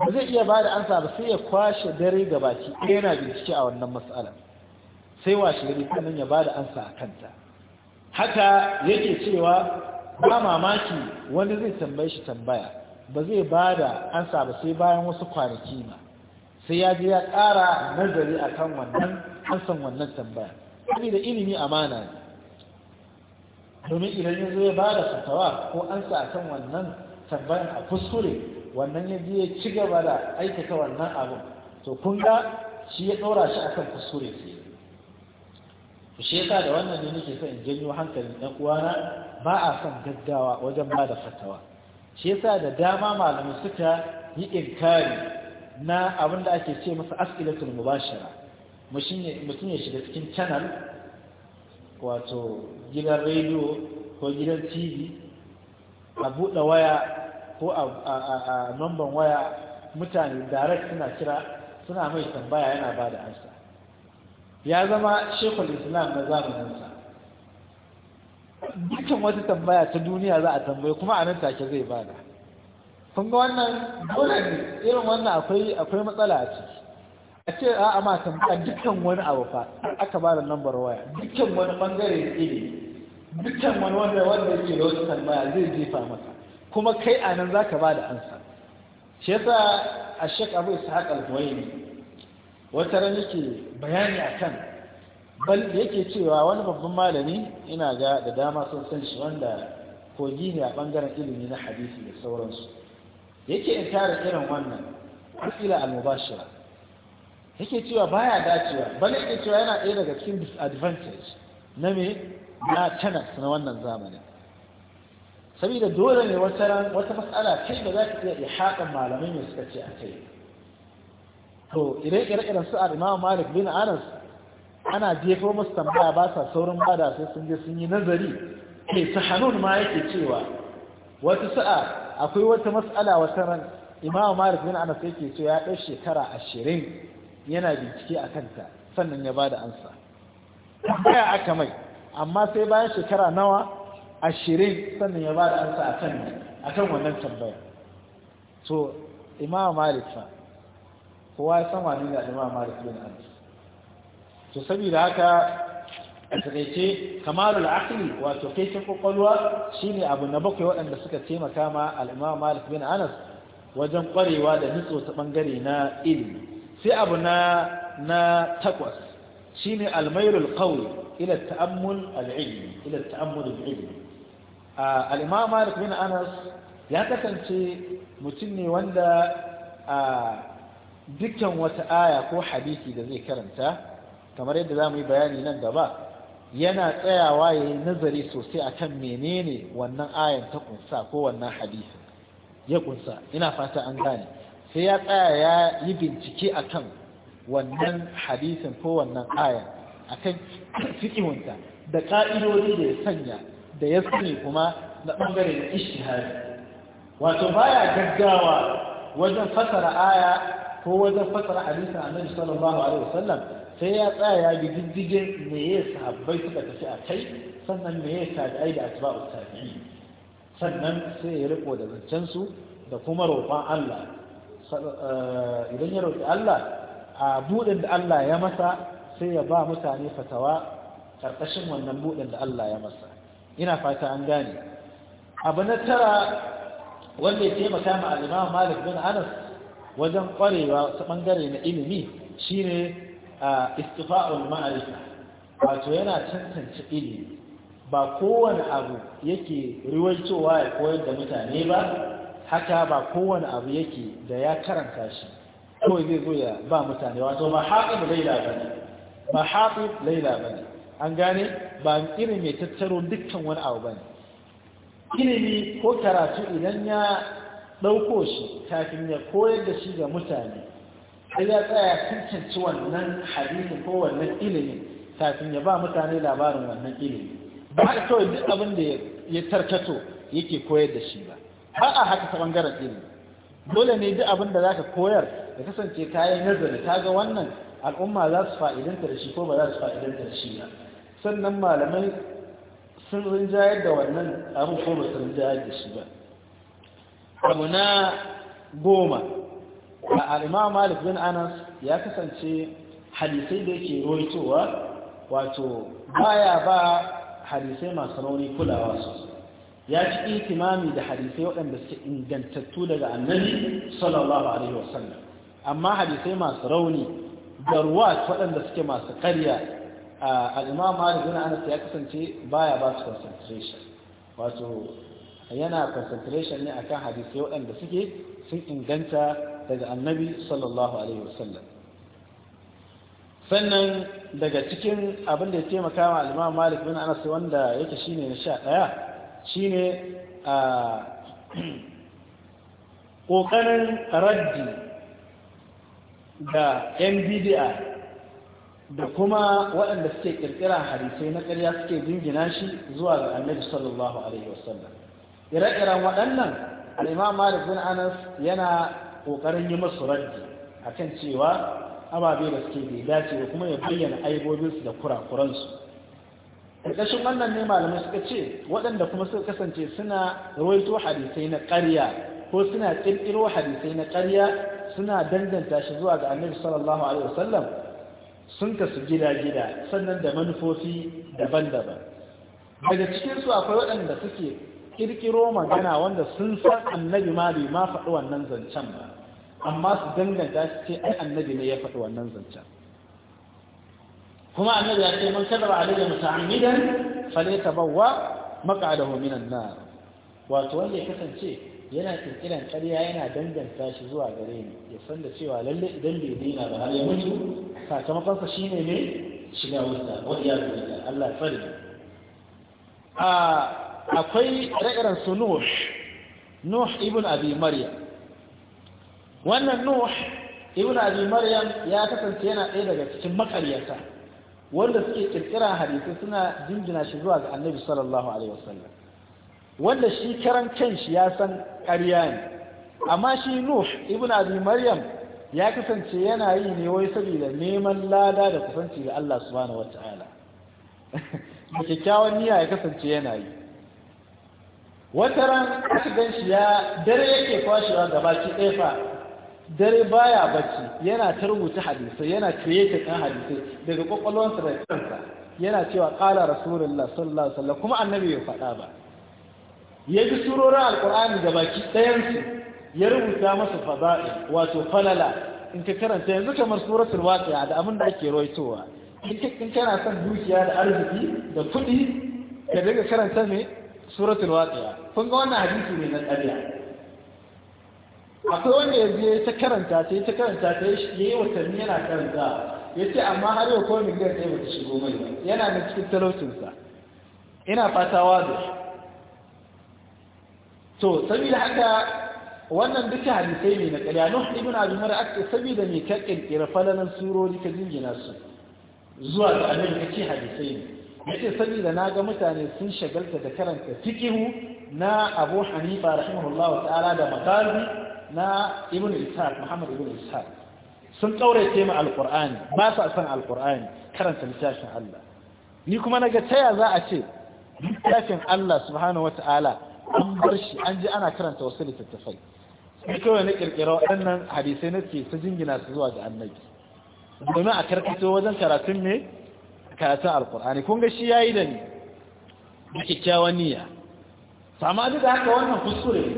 ba zai iya bada ansa ba sai ya kwashe dare gabaki ɗaya yana bincike a wannan matsala sai washe gari sannan ya bada ansa a kanta haka yake cewa ba mamaki wani zai tambaye shi tambaya ba zai ba da ansa ba sai bayan wasu kwanaki ma sai ya je ya ƙara nazari a kan wannan ansan wannan tambaya da ilimi amana ne domin idan ya zo ya ba da fatawa ko ansa a kan wannan tambayan a kuskure wannan ya je ya ci gaba da aikata wannan abin to kun ga shi ya ɗora shi a kan kuskure sai shi da wannan ne nake son in janyo hankalin ɗan uwana ba a son gaggawa wajen ba da fatawa shi yasa da dama malamai suka yi inkari na abin da ake ce masa as'ilatul mubashara mutum ya shiga cikin channel wato gidan rediyo ko gidan tv a buɗe waya ko a mamban waya mutane direct suna kira suna mai tambaya yana bada da ansa ya zama shekul islam na zamaninsa dukkan wata tambaya ta duniya za a tambaye kuma a nan take zai bada kun ga wannan dole ne irin wannan akwai akwai matsala a ciki a ce a ma tambaya dukkan wani abu fa aka ba da lambar waya dukkan wani bangare ne dukkan wani wanda wanda yake da wata tambaya zai jefa maka kuma kai a nan zaka ba da ansa shi yasa a shek abu ishaq al ne. wata ran yake bayani akan bal yake cewa wani babban malami ina ga da dama sun san shi wanda kogi ne a bangaren ilimi na hadisi da sauransu yake in tara irin wannan asila al-mubashira yake cewa baya dacewa bal yake cewa yana ɗaya daga cikin disadvantage na me na tanas na wannan zamani. saboda dole ne wata wata mas'ala kai da za ka iya ihaƙan malamai ne suka ce a kai to idan ire-iren su al-imam malik bin anas ana jefo musu tambaya ba sa saurin bada sai sun je sun yi nazari ke ta hannun ma yake cewa wata sa'a akwai wata mas'ala wata ran imam malik bin anas yake cewa ya ɗau shekara ashirin yana bincike a kanta sannan ya bada ansa tambaya aka mai amma sai bayan shekara nawa ashirin sannan ya bada ansa a kan a kan wannan tambaya to imam malik fa kowa ya san wani ne imam malik bin anas to saboda haka a takaice kamalul aqli wato kai ta kokolwa shine abu na bakwai waɗanda suka taimaka ma al-Imam Malik bin Anas wajen kwarewa da nutso ta bangare na ilimi sai abu na na takwas shine al-mayrul qawl ila ta'ammul al-ilmi ila ta'ammul al-ilmi al-Imam Malik bin Anas ya kasance mutum ne wanda a dukkan wata aya ko hadisi da zai karanta kamar yadda za mu yi bayani nan gaba yana tsayawa ya yi nazari sosai akan menene wannan ayan ta kunsa ko wannan hadisi ya kunsa ina fata an gane sai ya tsaya ya yi bincike akan wannan hadisin ko wannan ayan akan fikihunta da ka'idodi da ya sanya da ya sani kuma na ɓangaren ishihari wato baya gaggawa wajen fasara aya ko wajen fasara hadisin annabi sallallahu alaihi wasallam sai ya tsaya ya bi diddige me ya sahabbai suka tafi a kai sannan me ya tabi'ai da asba'u tabi'i sannan sai ya riko da zancen su da kuma roƙon Allah eh, idan ya roƙi Allah a buɗin da Allah ya masa sai ya ba mutane fatawa ƙarƙashin wannan buɗin da Allah ya masa ina fata an gane abu na tara wanda ya taimaka ma al'imam malik bin anas wajen ƙwarewa ta ɓangare na ilimi shine istifa'ul ma'arifa wato yana tantance ilimi ba kowane abu yake riwaitowa ya koyar da mutane ba haka ba kowane abu yake da ya karanta shi ko zai zo ya ba mutane wato ba haɗin laila ba ne ba haɗin laila ba ne an gane ba irin mai tattaro dukkan wani abu ba ne ilimi ko karatu idan ya ɗauko shi kafin ya koyar da shi ga mutane sai ya tsaya cancanci wannan hadisi ko wannan ilimin kafin ya ba mutane labarin wannan ilimi ba a kawai duk abin da ya tarkato yake koyar da shi ba ba a haka ta bangaren ilimi dole ne duk abin da za ka koyar da kasance kayan nazari ta ga wannan al'umma za su fa'idanta da shi ko ba za su fa'idanta da shi ba sannan malamai sun rinjayar da wannan abin ko ba su rinjayar da shi ba abu na goma A al'imam malik bin anas ya kasance hadisai da yake roitowa wato baya ba hadisai masu rauni kulawa su ya ci itimami da hadisai waɗanda suke ingantattu daga annabi sallallahu alaihi wasallam amma hadisai masu rauni da ruwa waɗanda suke masu karya ƙarya al'imam malik bin anas ya kasance baya ba su concentration wato yana concentration ne akan hadisai waɗanda suke sun inganta daga annabi sallallahu alaihi wasallam sannan daga cikin abin da ya taimaka wa alimam malik bin anas wanda yake shine na sha ɗaya shine a ƙoƙarin raddi da yan bidi'a da kuma waɗanda suke ƙirƙira hadisai na ƙarya suke jingina shi zuwa ga annabi sallallahu alaihi wasallam ire-iren waɗannan al'imam malik bin anas yana kokarin yi masu raddi kan cewa ababe da suke bai dace da kuma ya bayyana aibobinsu da kurakuransu ƙarƙashin wannan ne malamai suka ce waɗanda kuma suka kasance suna rawaito hadisai na ƙarya ko suna ƙirƙiro hadisai na ƙarya suna danganta shi zuwa ga annabi sallallahu alaihi wasallam sun kasu gida-gida sannan da manufofi daban-daban daga cikinsu akwai waɗanda suke kirkiro magana wanda sun san annabi ma bai ma faɗi wannan zancen ba amma su danganta su ce ai annabi ne ya faɗi wannan zancen kuma annabi ya ce man kadaba alayya muta'ammidan falyatabawa maq'adahu minan nar wato wanda ya kasance yana kirkiran ƙarya yana danganta shi zuwa gare ni ya san da cewa lalle idan bai daina ba har ya mutu sakamakon sa shine ne shiga wuta wa iyyazu Allah ya fadi a ah, akwai ra'irar su nuh nuh ibn abi maryam wannan nuh ibn abi maryam ya kasance yana ɗaya daga cikin makaryata wanda suke kirkira hadisi suna jinjina shi zuwa ga annabi sallallahu alaihi wasallam wanda shi karan kanshi ya san ƙarya ne amma shi nuh ibn abi maryam ya kasance yana yi ne wai saboda neman lada da kusanci ga Allah subhanahu wataala kyakkyawan niyya ya kasance yana yi wata ran aka gan shi ya dare yake kwashewa gaba ki ɗaya dare baya bacci yana ta rubuta hadisai yana create kan hadisai daga kwakwalwansa da kansa yana cewa qala rasulullah sallallahu alaihi wasallam kuma annabi ya faɗa ba ya ji surorin alqur'ani gaba ki ɗayansu ya rubuta masa fada'i wato falala in ka karanta yanzu kamar suratul waqi'a da abin da ake rawaitowa in kana son dukiya da arziki da kuɗi ka daga karanta me suratul waqi'a kun ga wannan hadisi ne na ƙarya akwai wanda ya je ta karanta ta ta karanta ta yi watanni yana karanta ya ce amma har yau ko min gan ba ta shigo mai yana da cikin talaucinsa ina fata wazo to saboda haka wannan duka hadisai ne na ƙarya nuh ibn abi mar'a saboda ne ka kirkira falalan surori ka jingina su zuwa ga annabi kace hadisai ne ce saboda na ga mutane sun shagalta da karanta fikihu na Abu Hanifa rahimahullahu ta'ala da maqali na Ibn Ishaq Muhammad Ibn Ishaq sun kaurace mu alqur'ani ba sa san alqur'ani karanta littafin Allah ni kuma naga taya za a ce littafin Allah subhanahu wata'ala an bar shi an ji ana karanta wasu littattafai sai kawai na kirkira waɗannan hadisai na ke su jingina su zuwa ga annabi domin a karkato wajen karatun ne karatun alkur'ani kun ga shi yayi da ni da kyakkyawan niyya amma duk da haka wannan kuskure ne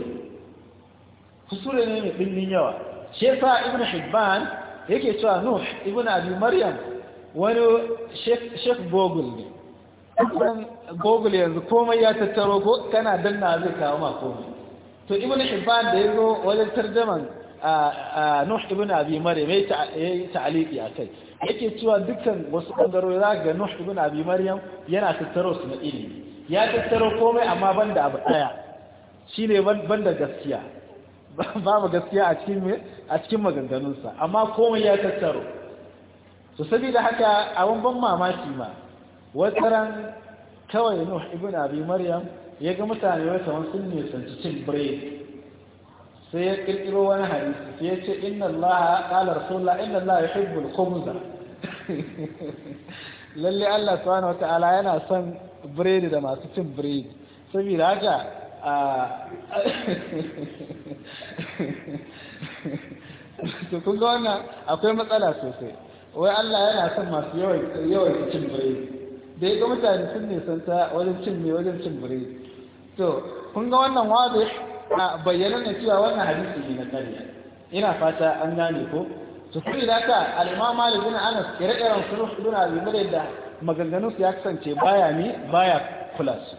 kuskure ne mai ɗinnin yawa shi yasa ibn hibban yake cewa nuh ibn abi maryam wani shek google ne ɗan bogul yanzu komai ya tattaro ko kana danna zai kawo ma komai to ibn hibban da ya zo wajen tarjaman nuh ibn abi maryam ya yi ta'aliki a kai yake cewa dukkan wasu ɓangarori za ga Nuh ibn Abi Maryam yana tattaro su na ilimi ya tattaro komai amma ban da abu ne shine da gaskiya babu gaskiya a cikin a cikin maganganunsa amma komai ya tattaro to saboda haka wani ban mamaki ma ran kawai Nuh ibn Abi Maryam ya ga mutane wata wasu ne sanci cin biredi sai ya kirkiro wani hadisi sai ya ce inna allaha qala rasulullah inna Allah yuhibbul khubza lalle Allah subhanahu wata'ala yana son biredi da masu cin biredi saboda haka a to kun ga wannan akwai matsala sosai wai Allah yana son masu yawan cin biredi da ya ga mutane sun ta wajen cin mai wajen cin biredi to kun ga wannan wadu a bayyana na cewa wannan hadisi ne na ƙarya ina fata an gane ko tukuri da ka alimama da zina ana Anas ire-iren su bin Abi Malik da maganganun su ya kasance baya ne baya kula su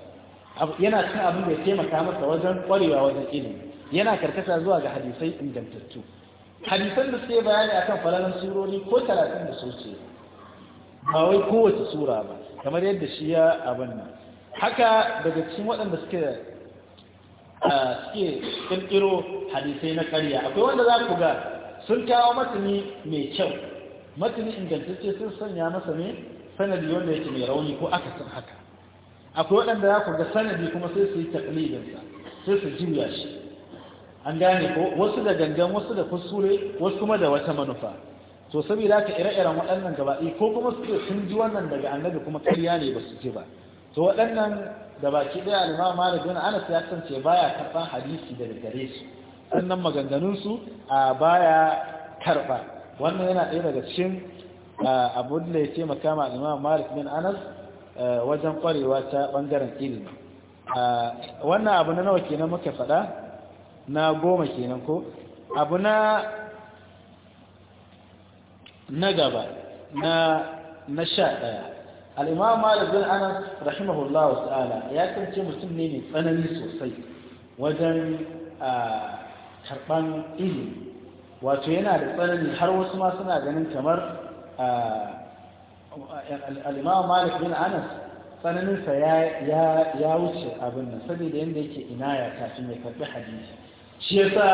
yana cin abin da ya taimaka masa wajen kwarewa wajen ilimi yana karkata zuwa ga hadisai ingantattu hadisan da suke bayani akan falalan surori ko talatin da su ce ba wai kowace sura ba kamar yadda shi ya abin nan haka daga cikin waɗanda suke suke ƙirƙiro hadisai na ƙarya akwai wanda za ku ga sun kawo matani mai kyau matani ingantacce sun sanya masa ne sanadi wanda yake mai rauni ko aka san haka akwai waɗanda ya kuga sanadi kuma sai su yi taklidinsa sai su juya shi an gane ko wasu da gangan wasu da kuskure wasu kuma da wata manufa to saboda ka ire-iren waɗannan gabaɗi ko kuma su ke sun ji wannan daga annabi kuma ƙarya ne ba su ji ba to waɗannan da baki ɗaya alimama da gani anas ya kasance baya karɓar hadisi daga gare su waɗannan maganganunsu a baya karɓa wannan yana ɗaya daga cikin abu da ya taimaka ma imam malik bin anas wajen ƙwarewa ta ɓangaren ilimi wannan abu na nawa kenan muka faɗa na goma kenan ko abu na gaba na na sha ɗaya al'imam malik bin anas rahimahullahu ta'ala ya kance mutum ne mai tsanani sosai wajen a karɓan ilimi wato yana da tsanani har wasu ma suna ganin kamar al'imam malik bin anas tsananinsa ya wuce abin nan saboda yadda yake inaya kafin ya karɓi hadisi shi yasa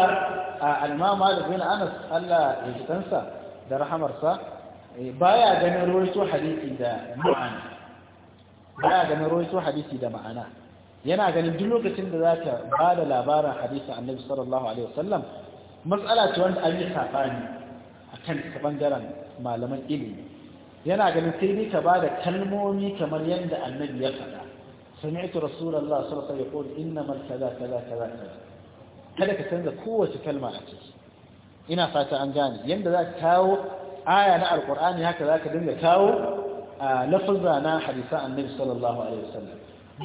al'imam malik bin anas allah ya ji kansa da rahamarsa eh, baya ganin ruwaito hadisi da ma'ana baya ganin ruwaito hadisi da ma'ana yana ganin duk lokacin da za ta ba da labarin hadisa annabi sallallahu alaihi wasallam matsala ce wanda an yi safani a kan ta bangaren malaman ilimi yana ganin sai dai ka ba da kalmomi kamar yadda annabi ya faɗa sami'tu rasulullah sallallahu alaihi wasallam yaqul innamal kaza kaza kaza kada ka canza kowace kalma a ciki ina fata an gane Yadda za ka kawo aya na alqur'ani haka za ka dinga kawo a lafazza na hadisa annabi sallallahu alaihi wasallam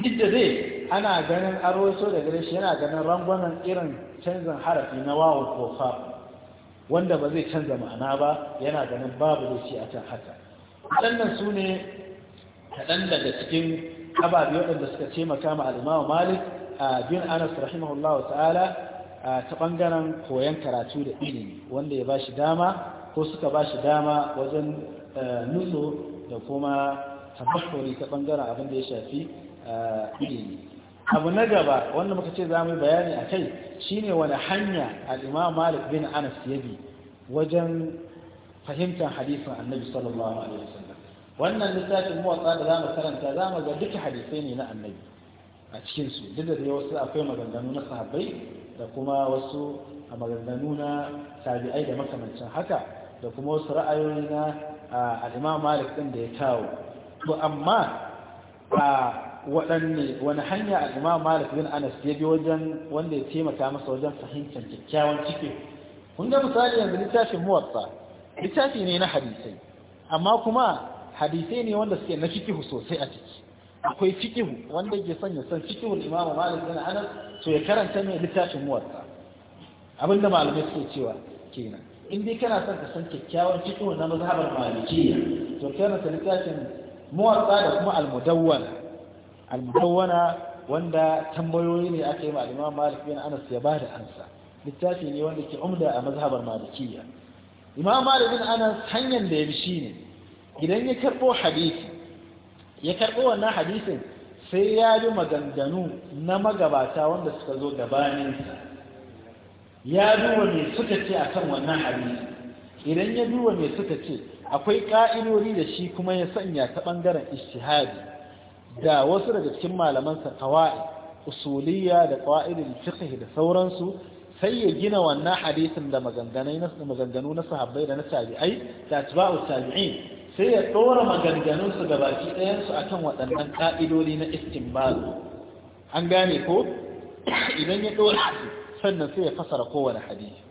duk da zai ana ganin an rawaito da gare shi yana ganin rangwamen irin canzan harafi na wawo ko fa wanda ba zai canza ma'ana ba yana ganin babu da shi a can haka waɗannan su ne kaɗan daga cikin ababe waɗanda suka ce makama alimawa malik a bin anas rahimahullahu ta'ala ta ɓangaren koyon karatu da ilimi wanda ya ba shi dama ko suka ba shi dama wajen nutso da kuma tabbatori ta ɓangaren abin da ya shafi ilimi abu na gaba wanda muka ce za mu yi bayani a kai shine wani hanya imam malik bin anas ya bi wajen fahimtar hadisin annabi sallallahu alaihi wasallam wannan littafin motsa da za mu karanta za mu ga duka hadisai ne na annabi a cikinsu duk da wasu akwai maganganu na sahabbai da kuma wasu a maganganu na tabi'ai da makamancin haka da kuma wasu ra'ayoyi na al'imam malik ɗin da ya kawo to amma a waɗanne wani hanya al'imam malik bin anas ya bi wajen wanda ya taimaka masa wajen fahimtar kyakkyawan cikin kun ga misali yanzu littafin muwatsa littafi ne na hadisai amma kuma hadisai ne wanda suke na fikihu sosai a ciki akwai fikihu wanda ke son ya san fikihun imamu malik bin anas to ya karanta mai littafin muwatsa abinda malamai suke cewa kenan in dai kana son ka san kyakkyawan fikihun na mazhabar malikiyya to karanta littafin muwatsa da kuma almudawwana al-mudawwana wanda tambayoyi ne aka yi ma Imam Malik bin Anas ya bada ansa littafi ne wanda ke umda a mazhabar Malikiyya Imam Malik bin Anas hanyar da ya bi shine idan ya karbo hadisi ya karbo wannan hadisin sai ya bi maganganu na magabata wanda suka zo sa ya duba me suka ce akan wannan hadisi idan ya duba me suka ce akwai ka'idori da shi kuma ya sanya ta bangaren ishtihadi da wasu daga cikin malamansa qawaid usuliyya da qawaid al-fiqh da sauransu sai ya gina wannan hadisin da maganganai na maganganu na sahabbai da na tabi'ai da tabi'u tabi'in sai ya tsora maganganunsu su gabaki ɗayan su akan waɗannan ka'idodi na istinbal an gane ko idan ya dora sannan sai ya fasara kowane hadisi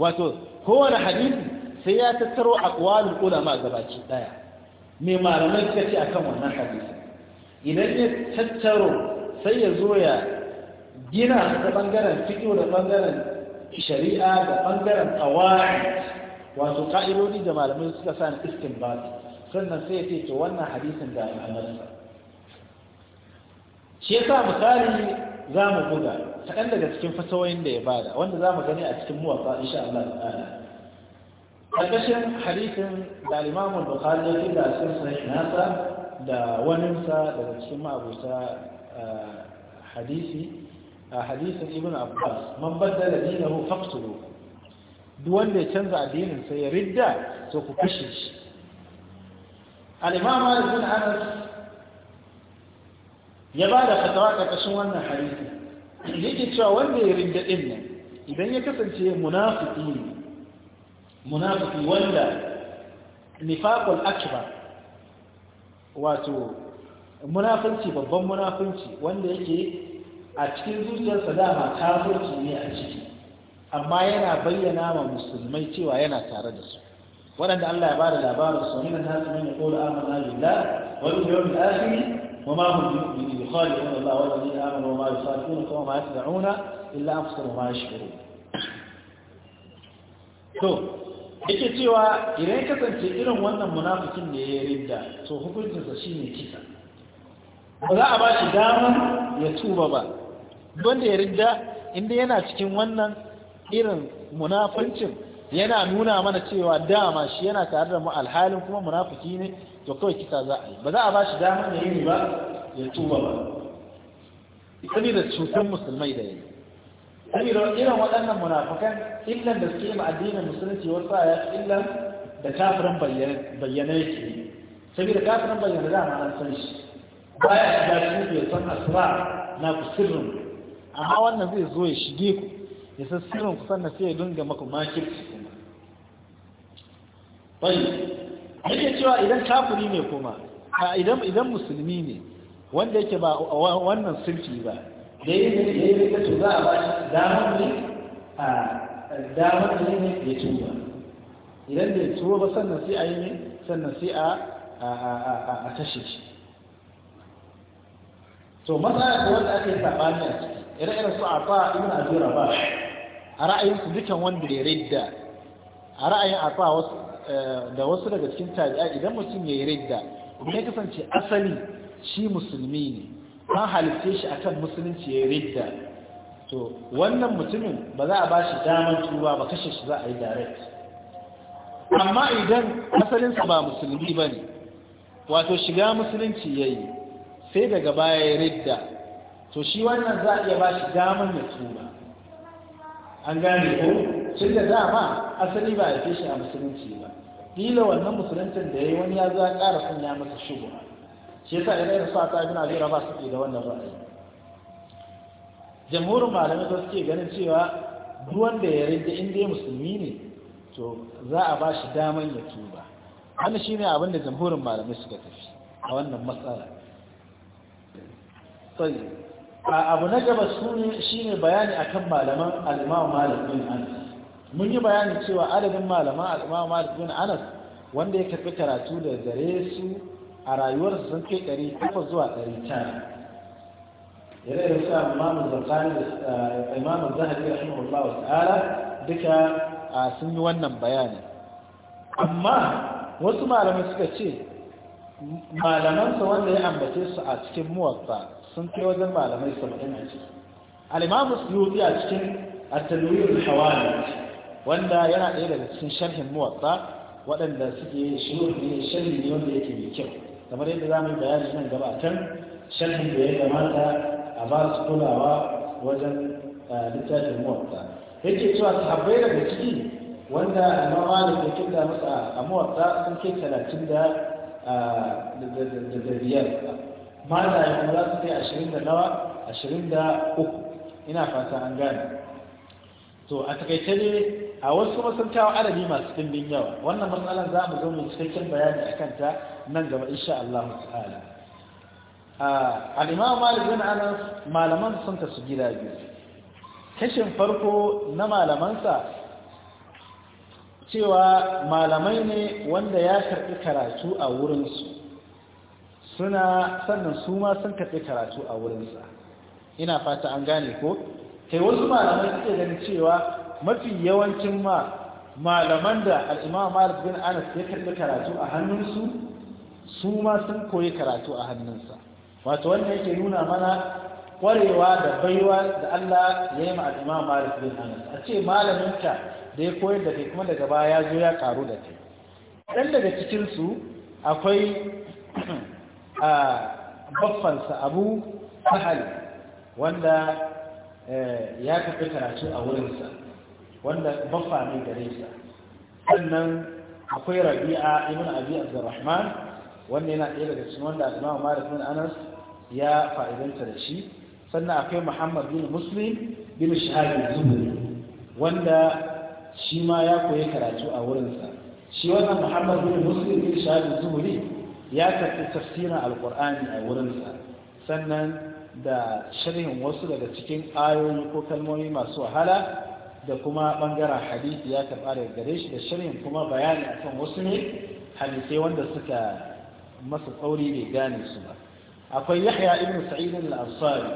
wato kowane hadisi sai ya tattaro aqwalul ulama gabaki ɗaya me malamai suka ce akan wannan hadisi idan ya tattaro sai ya zo ya gina da ɓangaren fiƙo da ɓangaren shari'a da ɓangaren tsawari wato ƙa'idodi da malamai suka sa na iskin ba sannan sai ya ce to wannan hadisin da al'amarsa shi ya sa misali za mu buga kaɗan daga cikin fasawoyin da ya bada wanda za mu gani a cikin muwatsa insha Allah ta'ala ƙarƙashin hadisin da al'imamun bukhari ya fi da cikin sahihin nasa da waninsa daga cikin ma'abuta hadisi a hadisin ibn abbas man baddala dinahu faqtulu duk wanda ya canza addinin sai ya ridda so ku kashe shi al-imam ibn anas ya ba da fatawa karkashin wannan hadisi yake cewa wanda ya ridda din nan idan ya kasance munafiki ne munafiki wanda nifaqul akbar wato munafunci babban munafunci wanda yake a cikin zuciyarsa dama kafirci ne a ciki amma yana bayyana ma musulmai cewa yana tare da su waɗanda Allah ya bada labarin su ne da da ko minan nasu man yaqulu amanna billah wal yawmil akhir وما هم بخالقون الله والذين آمنوا وما يخالقون وما يتبعون إلا ma وما to yake cewa idan ya kasance irin wannan munafikin da ya rinda to hukuncinsa shi ne kisa ba za a ba shi damar ya tuba ba wanda ya rida inda yana cikin wannan irin munafancin yana nuna mana cewa dama shi yana tare da mu alhalin kuma munafiki ne to kawai kisa za a yi ba za a ba shi damar ya yi ba ya tuba ba da cutar musulmai da saboda irin waɗannan munafukan illan da suke ma addinin musulunci wasu ya illan da kafirin bayyana yake saboda kafirin bayyana da ma an san shi baya shiga shi ne san asra na ku sirrin amma wannan zai zo ya shige ku ya san sirrin ku sannan sai ya dinga maku makirci kuma bai yake cewa idan kafiri ne kuma idan idan musulmi ne wanda yake ba wannan sulki ba da ya yi da su za a ba shi damar ne a damar ne ne ya tuba idan bai tuba ba sannan sai a yi ne sannan sai a kashe shi to matsala ko wanda ake saɓani a ciki ire-iren su a fa ibn abi rabah a ra'ayin su dukan wanda ya ridda a ra'ayin a fa eh, da wasu daga cikin tabi'a idan mutum ya yi ridda ya kasance asali shi musulmi ne an halitta shi akan musulunci ya yi ridda to wannan mutumin ba za a ba shi damar turuwa ba kashe shi za a yi direct amma idan asalinsa ba musulmi ba ne wato shiga musulunci ya yi sai daga baya ya ridda to shi wannan za a iya ba shi damar ya turuwa an gane ko tun da dama asali ba a fi shi a musulunci ba kila wannan musuluncin da ya yi wani ya za a ƙara ya masa shugaba shi yasa ya irin sa ta ibn ba su suke da wannan ra'ayi jamhurin malamai ta suke ganin cewa duk wanda ya rage inda ya musulmi ne to za a ba shi daman ya tuba wannan shi ne abinda jamhurin malamai suka tafi a wannan matsala A abu na gaba ne bayani akan malaman al-Imam Malik Anas mun yi bayanin cewa adadin malaman al-Imam Malik Anas wanda ya karfi karatu da gare su a rayuwar sun ke ɗari kafa zuwa ɗari tara yana ya sa imamu zakani da eh, imamu zahari wasu ara duka a sun yi wannan bayani amma wasu malamai suka ce malamansa wanda ya ambace su a cikin muwatta sun ke wajen malamai saba'in a ciki alimamu yi a cikin atalwiyar hawaii wanda yana ɗaya daga cikin sharhin muwatta waɗanda suke shi ne sharhi ne wanda yake mai kyau kamar yadda za mu yi bayani nan gaba a can sharhin da ya kamata a ba su kulawa wajen eh, littafin muwatta yake cewa sahabbai daga ciki wanda nawa malik ya kinta masa a muwatta sun kai talatin da eh, da biyar mata ya kuma za su kai ashirin da nawa ashirin da uku ina fata an gane to a takaice ne a wasu masantawa adadi masu dimbin yawa wannan matsalan za mu zo mu cikakken bayani a kanta nan gaba insha Allah ta'ala A imam Malik bin Anas malaman sun kasu gida biyu kashin farko na malamansa cewa malamai ne wanda ya karɓi karatu a wurinsu suna sannan su ma sun karbi karatu a wurinsa ina fata an gane ko kai wasu malamai suke ganin cewa mafi yawancin ma malaman da al'imama malik bin anas ya karɓi karatu a hannunsu su ma sun koyi karatu a hannunsa wato wanda yake nuna mana kwarewa da baiwa da Allah ya yi ma al'imam Malik bin Anas a ce malaminka da ya koyar da kai kuma daga baya ya zo ya karu da kai ɗan daga cikinsu akwai a baffansa abu sahal wanda eh, ya tafi karatu a wurinsa wanda baffa ne gare sa sannan akwai rabi'a ibn abi abdurrahman wannan yana ɗaya daga cikin wanda al Malik bin Anas ya fa'idanta da shi sannan akwai Muhammad bin Muslim bin Shahab al wanda shi ma ya koyi karatu a wurinsa shi wannan Muhammad bin Muslim bin Shahab al ya karɓi tafsirin al'kur'ani a wurinsa sannan da sharhin wasu daga cikin ayoyi ko kalmomi masu wahala da kuma bangaren hadisi ya karba daga gare shi da sharhin kuma bayani akan wasu ne hadisai wanda suka masa tsauri bai gane su ba akwai yahya ibn sa'id al-ansari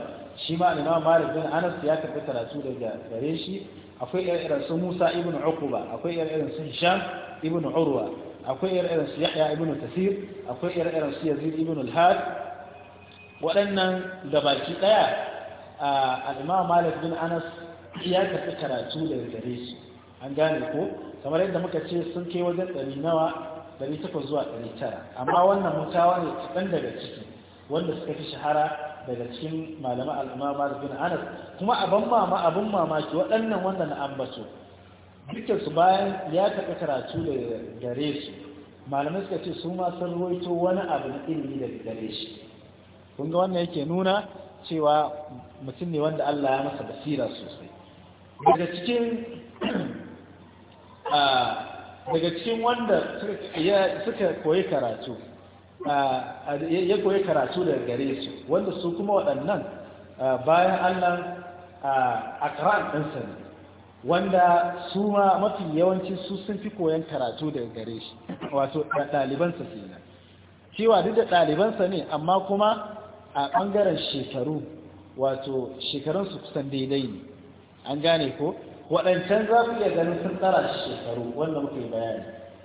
shi ma imam malik bin anas ya karbi karatu daga gare shi akwai irin su musa ibn uquba akwai irin su hisham ibn urwa akwai irin su yahya ibn tasir akwai irin su yazid ibn al-had waɗannan gabaki ɗaya al-imam malik bin anas ya karbi karatu daga gare shi an gane ko kamar yadda muka ce sun kai wajen ɗari nawa takwas zuwa tara, amma wannan mutawa ne kaɗan daga ciki wanda suka fi shahara daga cikin malama, al'umma bin anas kuma abin mama abin mamaki waɗannan wannan ambato su bayan ya taɓa karatu da gare su malamai suka ce su ma sun ruwaito wani abu na ilimi da gare shi kun ga wannan yake nuna cewa mutum ne wanda Allah ya masa basira sosai daga cikin ah, daga cikin wanda suka koyi karatu ya koyi karatu daga gare su wanda su kuma waɗannan bayan allah a ƙaran ɗinsa ne wanda su ma mafi yawanci su sun fi koyan karatu daga gare shi wato ɗalibansa kenan Kiwa duk da ɗalibansa ne amma kuma a ɓangaren shekaru wato shekarunsu kusan daidai ne an gane ko waɗancan za su iya ganin sun tsara shekaru wanda muke bayani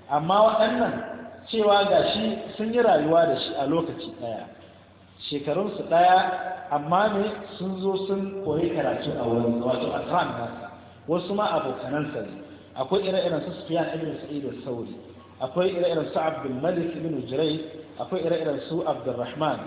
amma waɗannan cewa ga shi sun yi rayuwa da shi a lokaci ɗaya shekarunsu ɗaya amma ne sun zo sun koyi karatu a wurin wato a tram wasu ma abokanansa ne akwai ire-iren su sufiyan ibn sa'id sauri akwai ire-iren su abdul malik ibn jirai akwai ire-iren su abdurrahman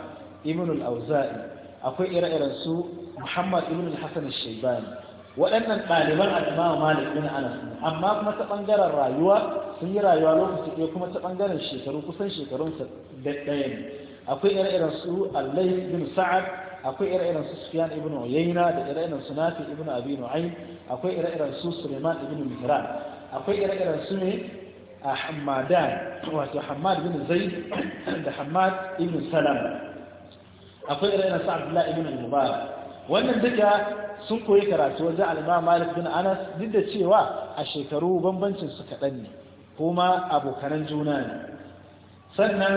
ibn al-auza'i akwai ire-iren su muhammad ibn Hassan hasan waɗannan ɗaliban al'imama malik bin anas amma kuma ta ɓangaren rayuwa sun yi rayuwa lokaci ɗaya kuma ta ɓangaren shekaru kusan shekarun da ɗaya ne akwai ire-iren su allai bin sa'ad akwai ire-iren su sufyan ibn uyayna da ire-iren su nafi ibn abi nu'aym akwai ire-iren su suleiman ibn mihran akwai ire-iren su ne a hamadan wato hamad bin zaid da hamad ibn salam akwai ire-iren su abdullahi ibn mubarak wannan duka sun koyi karatu wajen alma malik bin anas duk da cewa a shekaru bambancin su kaɗan ne kuma abokanan juna ne sannan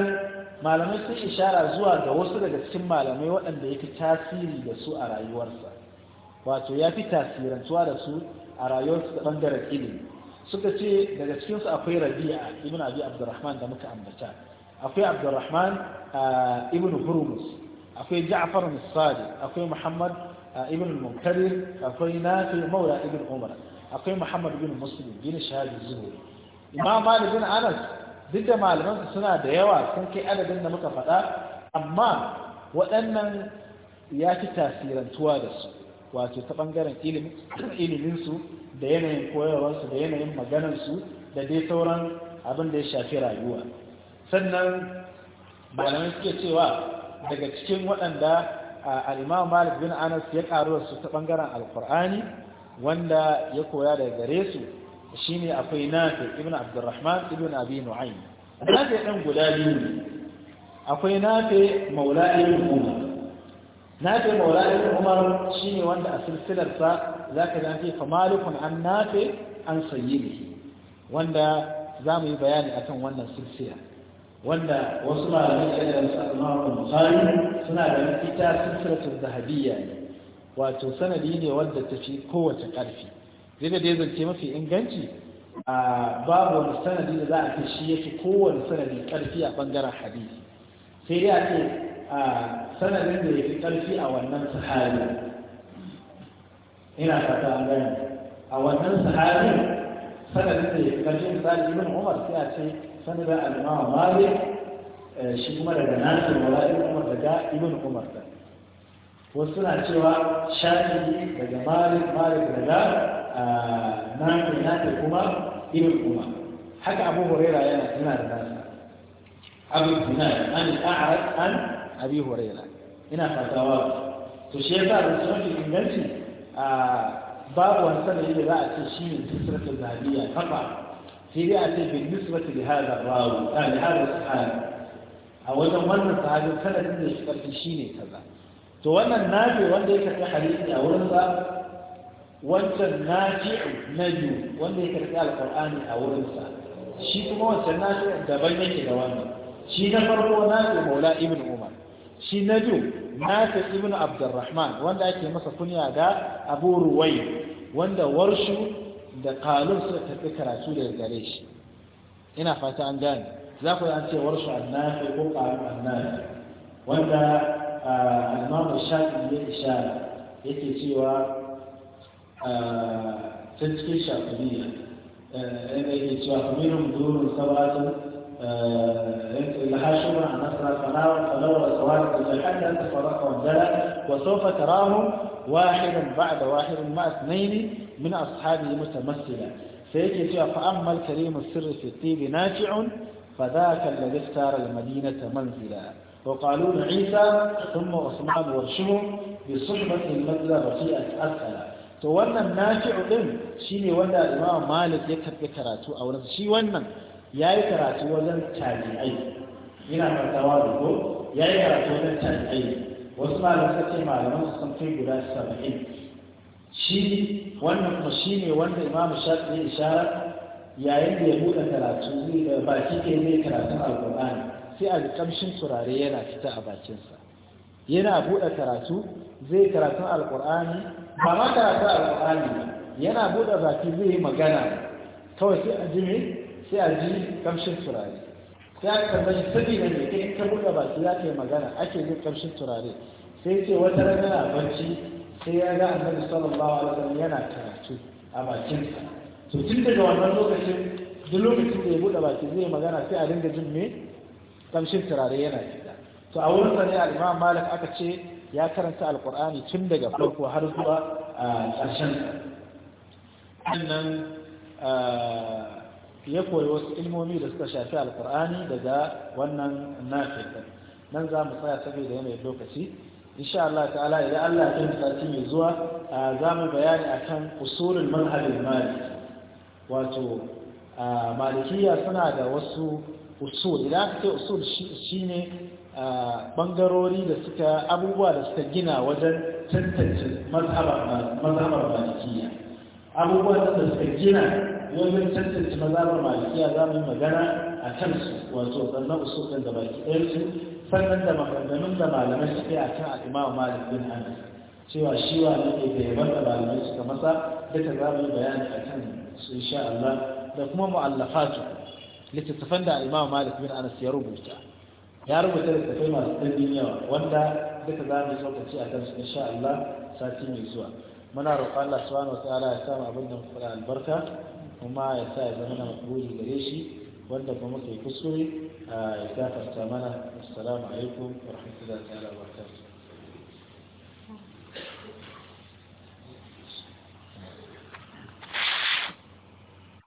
malamai sun ishara zuwa ga wasu daga cikin malamai waɗanda ya fi tasiri da su a rayuwarsa wato ya fi tasirantuwa da su a rayuwarsa da ɓangaren ilimi suka ce daga cikinsu akwai rabi'a ibn abi abdurrahman da muka ambata akwai abdurrahman ah, ibn hurmus akwai ja'far as-sadi akwai muhammad uh, ibn al akwai nafi maula ibn umar akwai muhammad ibn muslim bin shahadu az-zuhri imam malik bin anas duk da malaman suna da yawa sun kai adadin da muka faɗa amma waɗannan ya fi tasirantuwa da su wato ta ɓangaren iliminsu da yanayin koyarwarsu da yanayin maganarsu da dai sauran abin da ya shafi rayuwa sannan malamai suke cewa daga cikin waɗanda al malik bin anas ya karu su ta bangaren alqur'ani wanda ya koya daga gare su shine akwai nafi ibn abdurrahman ibn abi nu'aym nafi dan guda biyu ne. akwai nafi maula ibn umar nafi maula ibn umar ne wanda a silsilar sa zaka ga fa malikun an nafi an sayyibi wanda za mu yi bayani akan wannan silsilar. wanda wasu malamai da ya sa Imam Bukhari suna da ita sifratul zahabiyya ne wato sanadi ne wanda ta fi kowace ƙarfi zai da zance mafi inganci a babu wani sanadi da za a fi shi ya fi kowane sanadi ƙarfi a bangaren hadisi sai dai a ce a sanadin da ya fi ƙarfi a wannan sahabi ina fata an gani a wannan sahabi sanadin da ya fi ƙarfi misali ibn umar sai a ce sanada al-imam malik shi kuma daga nasir wala umar daga ibn umar da wasu suna cewa shafi daga malik malik daga nasir nasir kuma ibn umar haka abu huraira yana yana da nasa abu dinar an a'rad an abi huraira ina fatawa to shi yasa da sun inganci a babu wani sanadi da za a ce shi ne sisirtar zabiya kafa sai dai a ce bin nisbati da hada rawu a da hada sahabi a wajen wannan sahabi sanadin da shi karfi shine kaza to wannan nabi wanda ya karfi hadisi a wurin sa wancan naji'u na biyu wanda ya karfi alqur'ani a wurin sa shi kuma wancan naji'u daban yake da wannan shi na farko naji'u maula ibn umar shi na biyu nafi ibn abdurrahman wanda ake masa kunya da abu ruwai wanda warshu da qalun suka karɓi karatu da gare shi ina fata an gane za ku yi an ce warshu annafi ko qalun annafi wanda al-imamu shafi ya ishara yake cewa ta cikin shafiya yadda yake cewa kamirun durun sabatun لها شبع نصر فناوى فلولا سواد الجحد فرق وانزلا وسوف تراهم واحدا بعد واحد مع اثنين min ashabi mutamassila sai yake cewa fa ammal karimu sirri fi tibi nafi'un fa dhaka alladhi istara almadinata manzila wa qalu isa thumma usman warshuhu bi suhbati almadla to wannan nafi'u din shine wanda imam malik ya karbi karatu a wurin shi wannan yayi karatu wajen tabi'ai ina kartawa da ko yayi karatu wajen tabi'ai wasu malamai suka ce malaman sun kai guda 70 shi wannan kuma shi ne wanda imamu shafi ya ishara yayin da ya buɗe karatu zai baki ɗaya zai a alƙur'ani sai a ji ƙamshin turare yana fita a bakinsa yana buɗe karatu zai a alƙur'ani ba ma a alƙur'ani yana buɗe baki zai yi magana kawai sai a ji me sai a ji ƙamshin turare sai a sabi sabida ne kai ka buɗe baki za ka yi magana ake jin ƙamshin turare sai ce wata rana yana barci sai ya ga annabi sallallahu alaihi wasallam yana karatu a bakinsa to tun daga wannan lokacin duk lokacin da ya buɗe baki zai magana sai a dinga jin me kamshin turare yana fita to a wurin sa ne al-Imam Malik aka ce ya karanta alqur'ani tun daga farko har zuwa ƙarshen sannan ya koyi wasu ilmomi da suka shafi alqur'ani daga wannan nafi nan za mu tsaya saboda yanayin lokaci insha Allah ta'ala idan Allah ya kai sati mai zuwa za mu bayani akan usulul manhajul maliki wato malikiya suna da wasu usul idan aka ce usul shine bangarori da suka abubuwa da suka gina wajen tantance mazhabar malikiya abubuwa da suka gina wajen tantance mazhabar malikiya za mu yi magana a kansu wato sannan usul da baki ɗaya sannan da maganganun da malamai suke a kan al'imam malik bin anas cewa shi wa ne da yaban da malamai suka masa duka za mu yi bayani a kan su insha Allah da kuma mu'allafatu littattafan da al'imam malik bin anas ya rubuta ya rubuta da littattafai masu ɗanbin yawa wanda duka za mu yi tsokaci a kan su insha Allah sati mai zuwa muna roƙon Allah subhanahu wa ta'ala ya samu abin da mu fara albarka kuma ya sa ya zama na makbuli gare shi wanda kuma muka yi kuskure ya gafarta mana assalamu alaikum wa rahmatullahi wa barakatuh